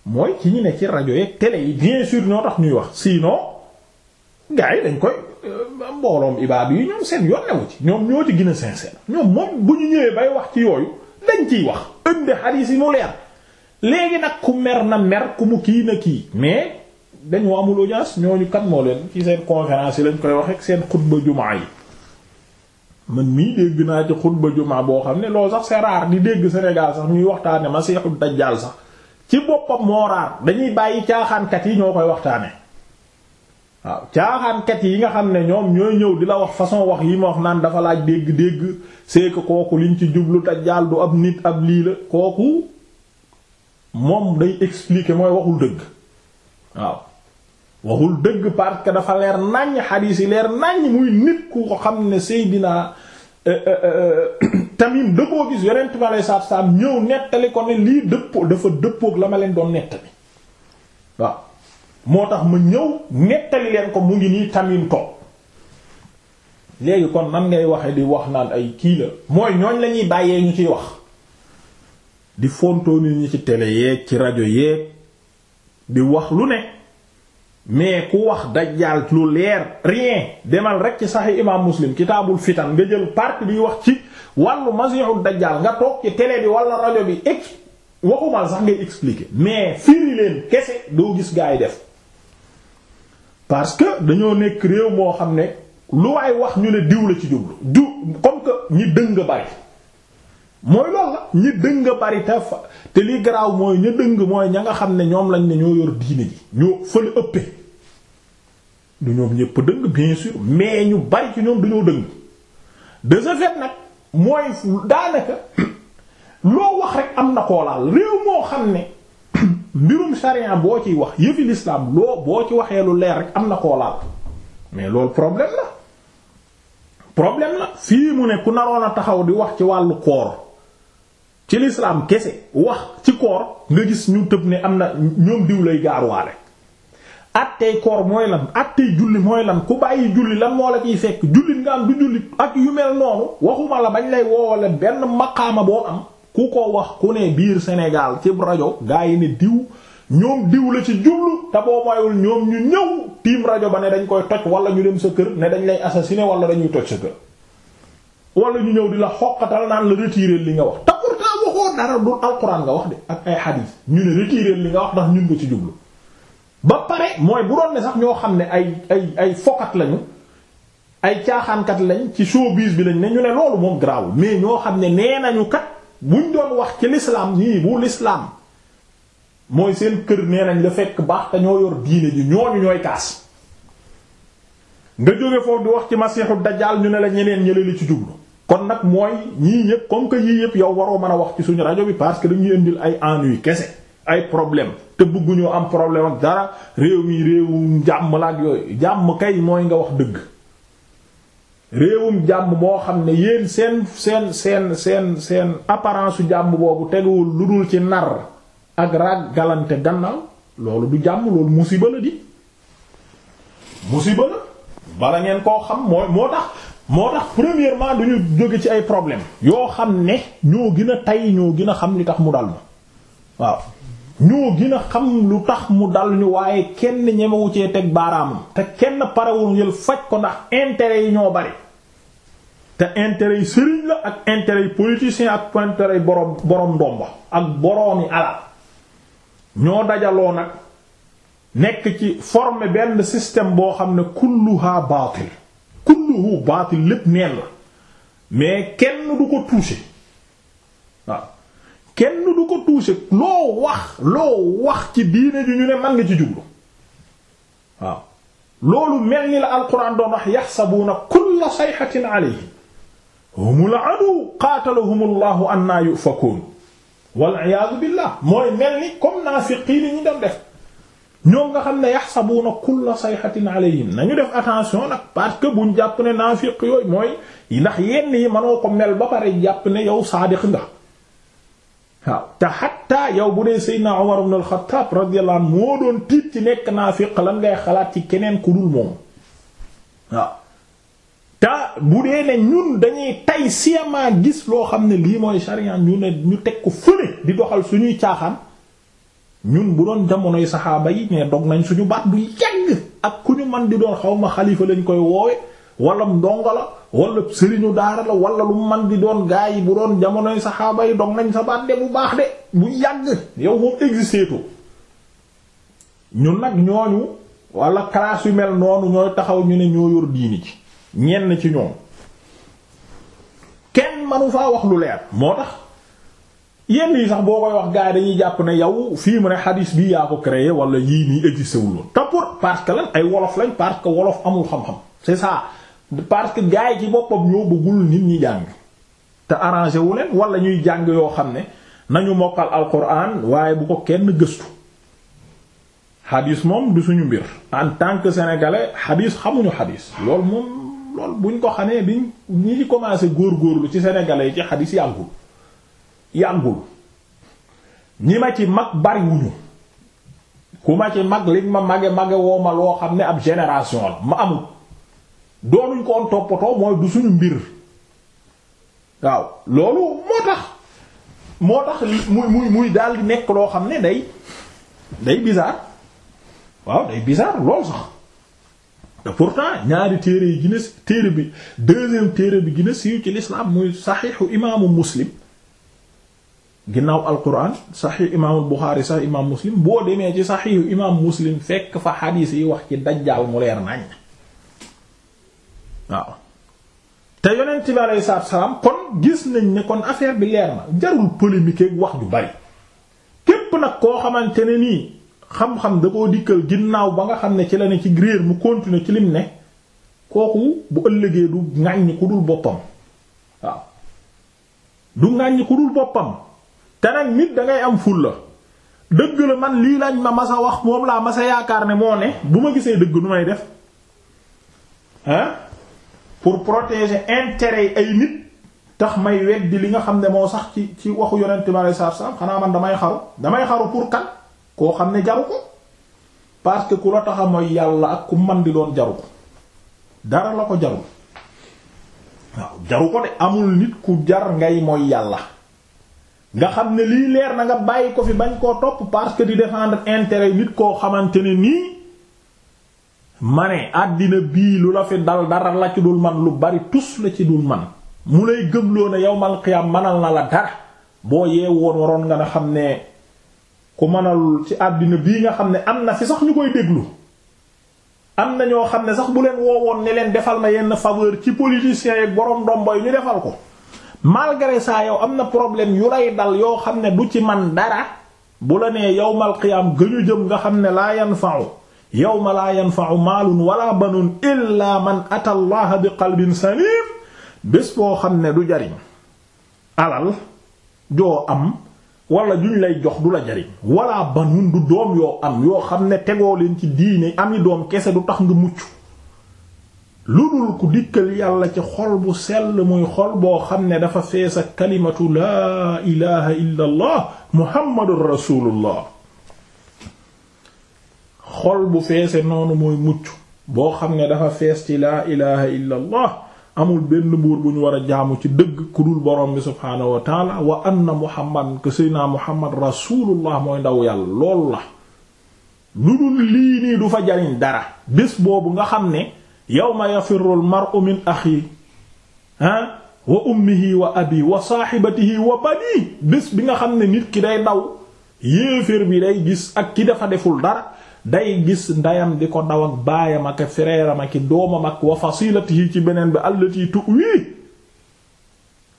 mooy ci ñu ne ci rajo yeeg télé yi bien sûr ñoo tax ñuy wax sinon gars yi dañ koy euh, mbooloom ibaab yi ñoom seen yoon newu ci ñoom ñoo ci gën a sincère ñoom moom bu ñu ñëwee bay wax ci yooyu. dañ ciy wax ëndi xadiis yi mu leer léegi nag ku mer na mer ku mu kii na kii mais dañoo amul audience ñooñu kat moo leen ci seen conférence yi lañ koy wax ak seen xutba jumaa yi man mii dégg naa ci xutba jumaa boo xam ne loolu sax c'est rare di dégg Sénégal sax ñuy waxtaane masiixu dajjaal sax ci boppam moo raar dañuy bàyyi caaxaankat yi ñoo koy waxtaane waaw caaxaankat yi nga xam ne ñoom ñooy ñëw di la wax façon wax yi ma wax naan dafa laaj dégg-dégg c'est kooku liñ ci jublu dajjaal du ab nit ab lii la kooku moom day expliquer mooy waxul dëgg waaw waxul dëgg parce que dafa leer naññ xadiis yi leer naññ muy nit ku ko xam ne Seydina euh, euh, euh, Tamim da koo gis yonent bi alei saatu salaam ñëw nettali ko ne lii dëppoo dafa dëppoog la ma leen doon nettali waaw moo tax ma ñëw nettali leen ko mu ngi nii tamim toog léegi kon nan ngay waxe di wax naan ay kii la mooy ñooñ lañuy bàyyee ñu ciy wax di fontoo nit ñi ci tele yeeg ci rajo yeeg di wax lu ne mais ku wax dajjaal lu leer rien demal rek ci saxi imam muslim kitaabul fitan nga jël partie bi wax ci wàllu masiixul dajjaal nga toog ci télé bi wala rajo bi ex waxumal sax ngay expliquer mais firi leen kese doo gis gaa yi def parce que dañoo nekk réew moo xam ne lu waay wax ñu ne diw ci jublu du comme que ñi dëng bari mooy loolu la ñi dëng bari te fa te li garaaw mooy ña dëng mooy ña nga xam ne ñoom lañ ne ñoo yor diine ji ñoo fële ëppee du ñoom ñépp dëng bien sûr mais ñu bari ci ñoom duñoo dëng de ce nag mooy daanaka loo wax rek am na koo réew moo xam ne. mbirum sharia boo ciy wax yëfi l'islam loo boo ci waxee lu leer rek am na koo mais loolu problème la problème na fii mu ne ku naroon a taxaw di wax ci wàllu koor ci l'islam kese wax ci koor nga gis ñu tëb ne am na ñoom diw lay gaaruwaale attey koor mooy lan attey julli mooy lan ku bàyyi julli lan moo la ciy fekk jullit nga am du jullit ak yu mel noonu waxuma la bañ lay woowale benn maqaama boo am ku ko wax ku ne biir senegaal ci rajo gaa yi ne diw ñoom diw la ci jublu te boo mayul ñoom ñu ñëw tiim rajo ba ne dañ koy toj wala ñu dem sa kër ne dañ lay assassiner wala dañuy toj sa kër wala ñu ñëw di la xoqatal naan la retirer li nga wax te pourtant waxoo dara du alxuraan nga wax de ak ay xadiis ñu ne retirer li nga wax ndax ñun ko ci jublu ba pare mooy bu doon ne sax ñoo xam ne ay ay ay fokat lañu ay caaxaankat lañ ci showbiz bi lañ ne ñu moom garaawul ñoo xam ne nee buñ doon wax ci l'islam ñii bu lislaam mooy seen kër nee nañ la fekk baax te ñoo yor diine ji ñooñu ñooy kaas nga jóge foofu di wax ci masiixu dajal ñu ne la ñeneen ñële li ci jublu kon nag mooy ñii ñëpp comme que yii yëpp yow waroo mën a wax ci suñu rajo bi parce que dañuy indil ay ennui kese ay problème te bëgguñoo am problème ak dara réew mi réew jàmm la jàmm kay mooy nga wax dëgg réewum jàmm moo xam ne yéen seen seen seen seen seen apparence su jàmm boobu teguwul lu dul ci nar ak rag galante gannaaw loolu du jàmm loolu musiba la di musiba la bala ngeen koo xam mooy moo tax moo tax premièrement duñu jóge ci ay problème yoo xam ne ñoo gën a tay ñoo gën a xam li tax mu dal ma waaw ñoo gën a xam lu tax mu dal ñu waaye kenn ñemewu cee teg baaraamam te kenn parewul ngir faj ko ndax intérêt yi ñoo bari te intérêt yi sëriñ la ak intérêt yi politicien ak intérêt yi borom borom ndomba ak boroomi alal ñoo dajaloo nag nekk ci forme benn système boo xam ne kulluha baatil kulluhu baatil lépp neen la mais kenn du ko toucher kenn du ko toucher loo wax loo wax ci diine ju ñu ne man nga ci jublu waaw loolu mel ni la alquran doon wax yaxsabuuna kulla sayxatin alayhim humul adu qaatalahum allahu anna yufakuun waliyaadu billah mooy mel ni comme naafiqiin ñu doon def ñoom nga xam ne yaxsabuuna kulla sayxatin alayhim nañu def attention nag parce que bu jàpp ne naafiq yooyu mooy ndax yenn yi mënoo ko mel ba pare jàpp ne yow saadiq nga waaw te xatta yow bu dee Seydina Umar ibn al-Khattab radiyallahu moo doon tiit ci nekk naafiq lan ngay xalaat ci keneen ku dul moom waaw te bu dee ne ñun dañuy tay siyamaa gis loo xam ne lii mooy sharia ñu ne ñu teg ko fële di doxal suñuy caaxam ñun bu doon jamonoy saxaaba yi ne dog nañ suñu baat bu yàgg ak ku ñu man di doon xaw ma xalifa lañ koy woowe wala ndongo la wala sëriñu daara la wala lu man di doon gaa yi bu doon jamonoy saxaaba yi dog nañ sa baat de bu baax de bu yàgg yow moom existé to nag ñooñu walla classe yu mel noonu ñooy taxaw ñu ne ñoo yor diini ci ñenn ci ñoom kenn manu faa wax lu leer moo tax yenn yi sax boo koy wax gaa yi dañuy jàpp ne yow fii ma ne xadis bi yaa ko créé wala yii nii existé wul woon te pour parce que lan ay wolof lañ parce que wolof amul xam-xam c'est parce que gars yi bopp boppam ñoo bëggul nit ñi jàng te arrangé wu leen wala ñuy jàng yoo xam ne nañu mokkal alquran waaye bu ko kenn gëstu xadis moom du suñu mbir en tant que sénégalais xadis xamuñu xadis lool moom lool buñ ko xamee biñ ñi ci commencé góorgóorlu ci sénégalais yi ci xadis yàggul yàggul ñi ma ci mag bariwuñu ku ma ci mag liñ ma mage mage woo ma loo xam ne ab génération ma amul. doonuñ ko toppatoo mooy du suñu mbir waaw loolu moo tax moo tax muy muy muy di nekk loo xam ne day day bizarre waaw day bizarre lool sax te pourtant ñaari téere yi gën téere bi deuxième téere bi gën a siiw ci l'islam muy saxiixu imaamu muslim ginnaaw alquran saxiix imaamul buxaari sax imaam muslim boo demee ci saxiixu imaam muslim fekk fa xadiis yi wax ci dajjaal mu leer nañ. waaw te yonent bi aleyhi salaatu salaam kon gis nañ ne kon affaire bi leer na jarul polémique wax ju bari képp nag koo xamante ne nii xam-xam da koo dikkal ginnaaw ba nga xam ne ci la ne ci réer mu continuer ci lim ne kooku bu ëllëgee du ŋàññi ku dul boppam waaw du ŋàññi ku dul boppam te nag nit dangay am ful dëgg la man lii lañ ma masa wax moom laa masa yaakaar ne moo ne bu ma gisee dëgg nu may def ah pour protéger intérêt ay nit tax may weddi li nga xam ne moo sax ci ci waxu yonent bi alei satu xanaa man damay xaru damay xaru pour kan koo xam ne jaru ko parce que ku la taxa mooy yàlla ak ku man di doon jaru ko dara la ko jaru waaw jaru ko de amul nit ku jar ngay mooy yàlla nga xam ne lii leer na nga bàyyi ko fi bañ koo topp parce que di défendre intérêt nit koo xamante ne nii ma ne àddina bii lu la fi dal dara la ci dul man lu bari tus la ci dul man mu lay gëmloo ne yawmal qiyaam manal na la dara boo yeewoon waroon nga a xam ne ku manal ci àddina bii nga xam ne am na si sax ñu koy déglu am na ñoo xam ne sax bu leen woon ne leen defal ma yenn faveur ci politiciens yi borom domboy yi ñu defal ko malgré saa yow am na problème yu lay dal yoo xam ne du ci man dara bu la nee yawmal qiyaam gëñu jëm nga xam ne laa yan faaw. yawma laa yanfa'u maalun wala banun illa man ata allaha bi qalbin salim bés boo xam ne du jariñ alal joo am walla juñ lay jox du la jariñ wala banun du doom yoo am yoo xam ne tegoo leen ci diine ami doom kese du tax nga mucc lu dul ku dikkal yàlla ci xol bu sell muy xol boo xam ne dafa fees ak kalimatu laa ilaha illa allah muhammadur xol bu feese noonu mooy mucc boo xam ne dafa fees ci laa ilaha illa amul benn buur bu ñu war a jaamu ci dëgg ku dul borom bi subhaanahu wa taala wa anna muhammad que seydna muhammad rasulullah mooy ndaw yàlla lool la lu dul lii nii du fa jariñ dara bés boobu nga xam ne yawma yafirru al mar'u min axi ah wa ummihi wa abi wa saaxibatihi wa bani bés bi nga xam ne nit ki day ndaw yéeféer bi day gis ak ki dafa deful dara day gis ndeyam di ko daw ak baayam ak frère am ak doomam ak wa fasilatihi ci beneen bi allati tu wii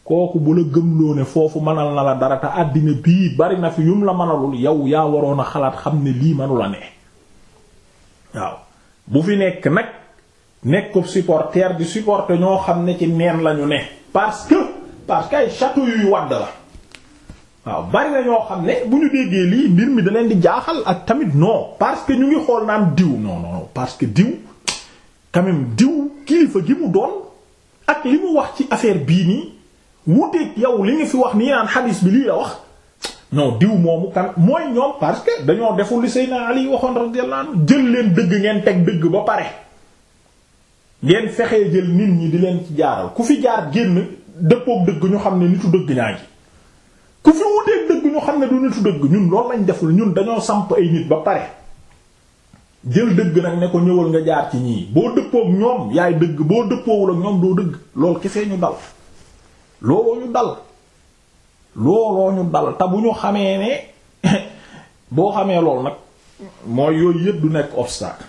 kooku bu la gëmloo ne foofu mënal na la dara te àddina bii bari na fi yum la mënalul yow yaa waroon a xalaat xam ne lii mënu la ne waaw bu fi nekk nag nekkub supporter di supporter ñoo xam ne ci neen lañu ne parce que parce que ay château yuy wadd la waaw bari na ñoo xam ne bu ñu déggee lii mbir mi daleen di jaaxal ak tamit noo parce que ñu ngi xool naan diw non non parce que diw quand même diw kilifa gi mu doon ak li mu wax ci affaire bii nii wuuteeg yow li ñu fi wax nii naan xadiis bi lii la wax non diw moomu kan mooy ñoom parce que dañoo deful li Seydina Ali waxoon radiyallahu anhu jël leen dëgg ngeen teg dëgg ba pare ngeen fexee jël nit ñi di leen ci jaaral ku fi jaar génn dëppook dëgg ñu xam ne nitu dëgg ku fi wuteeg dëgg ñu xam ne du nitu dëgg ñun loolu lañ deful ñun dañoo samp ay nit ba pare jël dëgg nag ne ko ñëwal nga jaar ci ñii boo dëppook ñoom yaay dëgg boo dëppoowul ak ñoom doo dëgg lool kese ñu dal looloo ñu dal looloo ñu dal te bu ñu xamee ne boo xamee lool nag mooy yooyu yëpp du nekk obstacle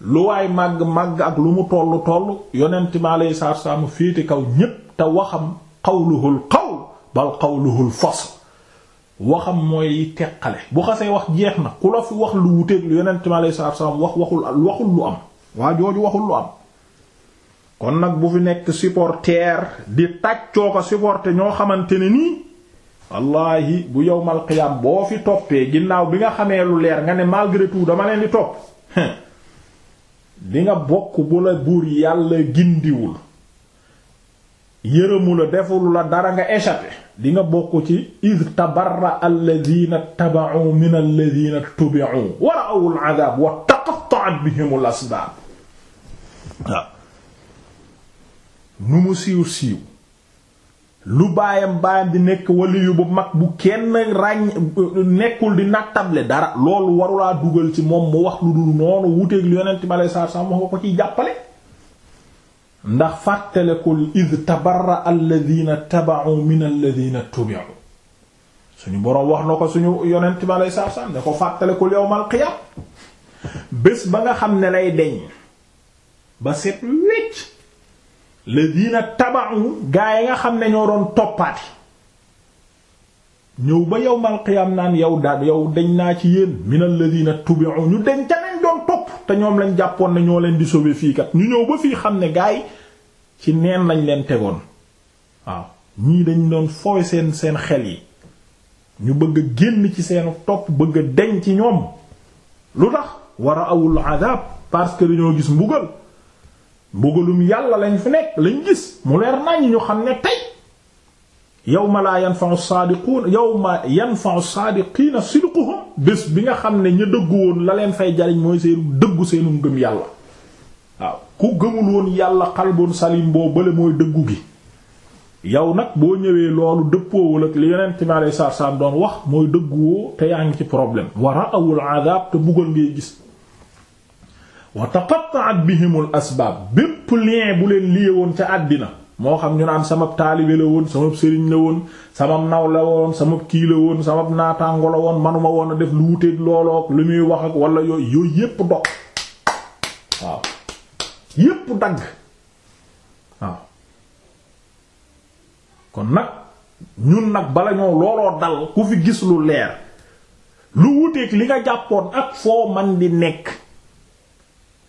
lu waay màgg màgg ak lu mu tollu tollu yonent mi alayhi salaatu wa salaam mu féete kaw ñépp te waxam qawluhul qaw bal qawluhul fasl waxam mooy teqale bu xasee wax jeex na ku la fi wax lu wuteeg lu yonent mi alayhi salaatu wax waxul waxul lu am waa jooju waxul lu am kon nag bu fi nekk supporter di tàccoo ko supporter ñoo xamante ni nii wallaahi bu yowmal qiyaam boo fi toppee ginnaaw bi nga xamee lu leer nga ne malgré dama leen di topp di nga bokk bu la buur yàlla gindiwul yërëmu la deful la dara nga échappé di nga bokk ci id tabarra alladina taba'u min alladina tubi'u wa ra'aw al'adab wa taqatta'at bihim al-asbab waaw nu mu siiw siiw lu baayam baayam di nekk waliyu bu mag bu kenn ràññ nekkul di nattable dara loolu warulaa dugal ci moom mu wax lu dul noonu wuteeg lu yonent bi aleyhi salaatu nga ko ciy jàppale ndax fàttalekul id tabarra alladina tabacu min alladina tubicu suñu boroom wax na ko suñu yonent bi alei satu salaam ne ko fàttalekul yowmal qiyaam bés ba nga xam ne lay deñ ba set wecc ladina tabacu gaa yi nga xam ne ñoo doon toppaati ñëw ba yowmal qiyaam naan yow daal yow deñ naa ci yéen min alladina tubicu ñu deñ ca nañ doon topp te ñoom lañ jàppoon ne ñoo leen di sauver fii kat ñu ñëw ba fii xam ne gaay ci neen lañ leen tegoon waaw ñii dañ doon fooy seen seen xel yi ñu bëgg a génn ci seen topp bëgg a deñ ci ñoom lu tax war a awul adab parce que dañoo gis mbugal mbugalum yàlla lañ fi nekk lañ gis mu leer nañ ñu xam ne tey yawma laa yanfa'u saadiquun yawma yanfa'u saadiqiina sidquhum bés bi nga xam ne ña dëggu woon la leen fay jariñ mooy seenu dëggu seenu ngëm yàlla ku gëmul woon yàlla xalboon salim boo bale mooy dëggu gi yow nag boo ñëwee loolu dëppoowul ak li yonent mi alayhi doon wax mooy dëgguwoo te yaa ngi ci problème wa ra'awul adaab te buggal ngay gis wa taqatta'at bihimul asbaab bépp lien bu leen lié woon ca àddina moo xam ñu naan sama taalibe la woon sama sëriñ la woon sama naw la woon sama kii la woon sama naataango la woon manuma woon a def lu wuteeg loolook lu muy wax ak wala yooyu yooyu yépp dog waaw yépp dagg waaw kon nag ñun nag bala ñoo looloo dal ku fi gis lu leer lu wuteeg li nga jàppoon ak foo man di nekk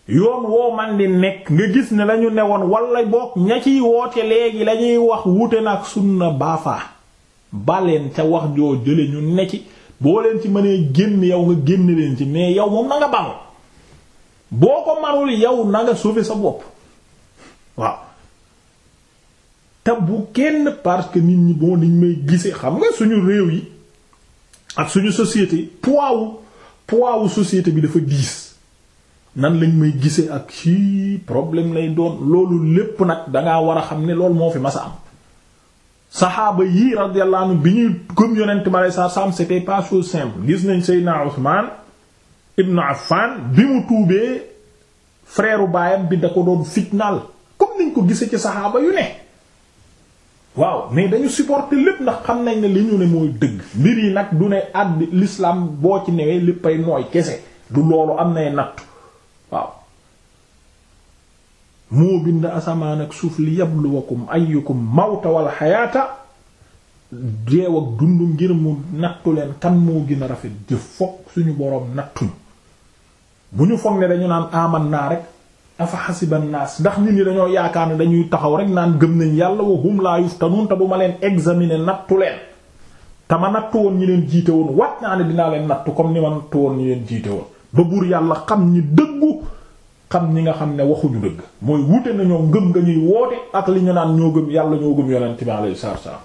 yoon woo man di nekk nga gis ne lañu ne woon walla boog nga ciy woote léegi lañuy wax wuute na ak sunna baafaa baleen ca wax joo jële ñu ne ci boo leen ci mënee génn yow nga génn leen ci mais yow moom na nga bamu boo ko manul yow na nga sauver sa bopp waaw te bu kenn parce que nit ñi bon niñ may gisee xam nga suñu réew yi ak suñu société poids wu poids wu bi dafa diis nan lañ may gisee ak ci problème lay doon loolu lépp nag danga war a xam ne loolu moo fi masa am saxaaba yii radiyallahu anhu bi ñuy gëm yonent bi aleyhi salaatu salaam c'était pas chose simple gis nañ Seydina Usmaan ibn Affan bi mu tuubee frère baayam bi da ko doon fitnaal comme niñ ko gise ci saxaaba yu ne waaw mais dañu supporter lépp ndax xam nañ ne li ñu ne mooy dëgg mbir yi nag du ne àdd lislaam boo ci newee léppay nooy kese du loolu am nay natt waaw moo bind asamaan ak suuf li lu yabluwakum ayyukum mawta wal xayaata deew ak dund ngir mu nattu leen kan moo gën a rafet jëf fokk suñu boroom nattuñ bu ñu foog ne dañu naan aman naa rek afa xasiban naas ndax nit ñi dañoo yaakaar ne dañuy taxaw rek naan gëm nañ yàlla wa hum laa yuftanun te bu ma leen examiner nattu leen te ma nattu woon ñi leen jiite woon waat naa ne dinaa leen comme ni ma nattu woon ñi leen jiite woon ba buur yàlla xam ni dëggu xam ni nga xam ne waxuñu dëgg mooy wute nañoo ngëm nga ñuy woote ak li ñu naan ñoo gëm yàlla ñoo gëm yonent bi alayhi salaatu salaam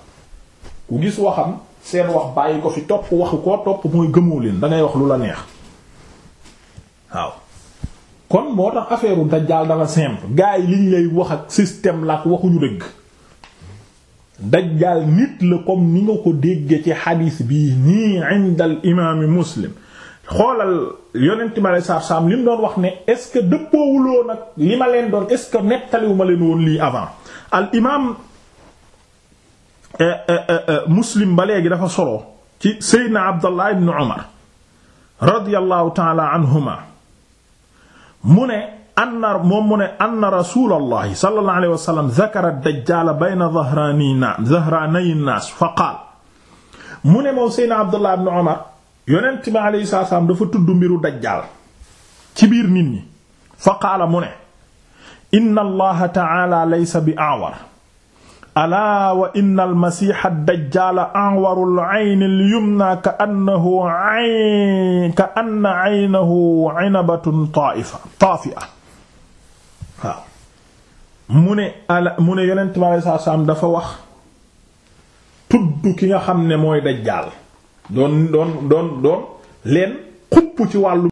ku gis waxam seen wax bàyyi ko fi topp waxu koo topp mooy gëmoo leen dangay wax lu la neex waaw kon moo tax affaire u dajjaal dafa simple yi liñ lay wax ak système la ak waxuñu dëgg dajjaal nit la comme ni nga ko dégge ci xadiis bii nii indal imaami muslim xoolal yonent ma lay saabsaab li mu doon wax ne est-ce que dëppoowuloo nag li ma leen doon est-ce que nettaliwuma leen woon lii avant al imaam eh, eh, eh, muslim ba léegi dafa solo ci Seydina Abdallah ibn Umar radiyallahu taala anhuma mu ne anna moom mu ne anna rasulallahi sallallahu alayhi wa sallam zakara ad-dajjal bayna dhahranayni dhahranayni naas fa qaala mu ne moom Seydina Abdallah ibn Umar yonent bi alayhi salaam dafa tudd mbiru dajjaal ci biir nit ñi fa qaala mu ne inna allaha ta'ala laysa bi a'war alaa wa inna almasiha dajjaala a'warul ayni al-yumna ka annahu ayn ka anna aynahu 'inabatun ta'ifa yonent bi alayhi salaam dafa wax tudd ki nga xam ne mooy dajjaal doon doon doon doon leen xupp ci wàllu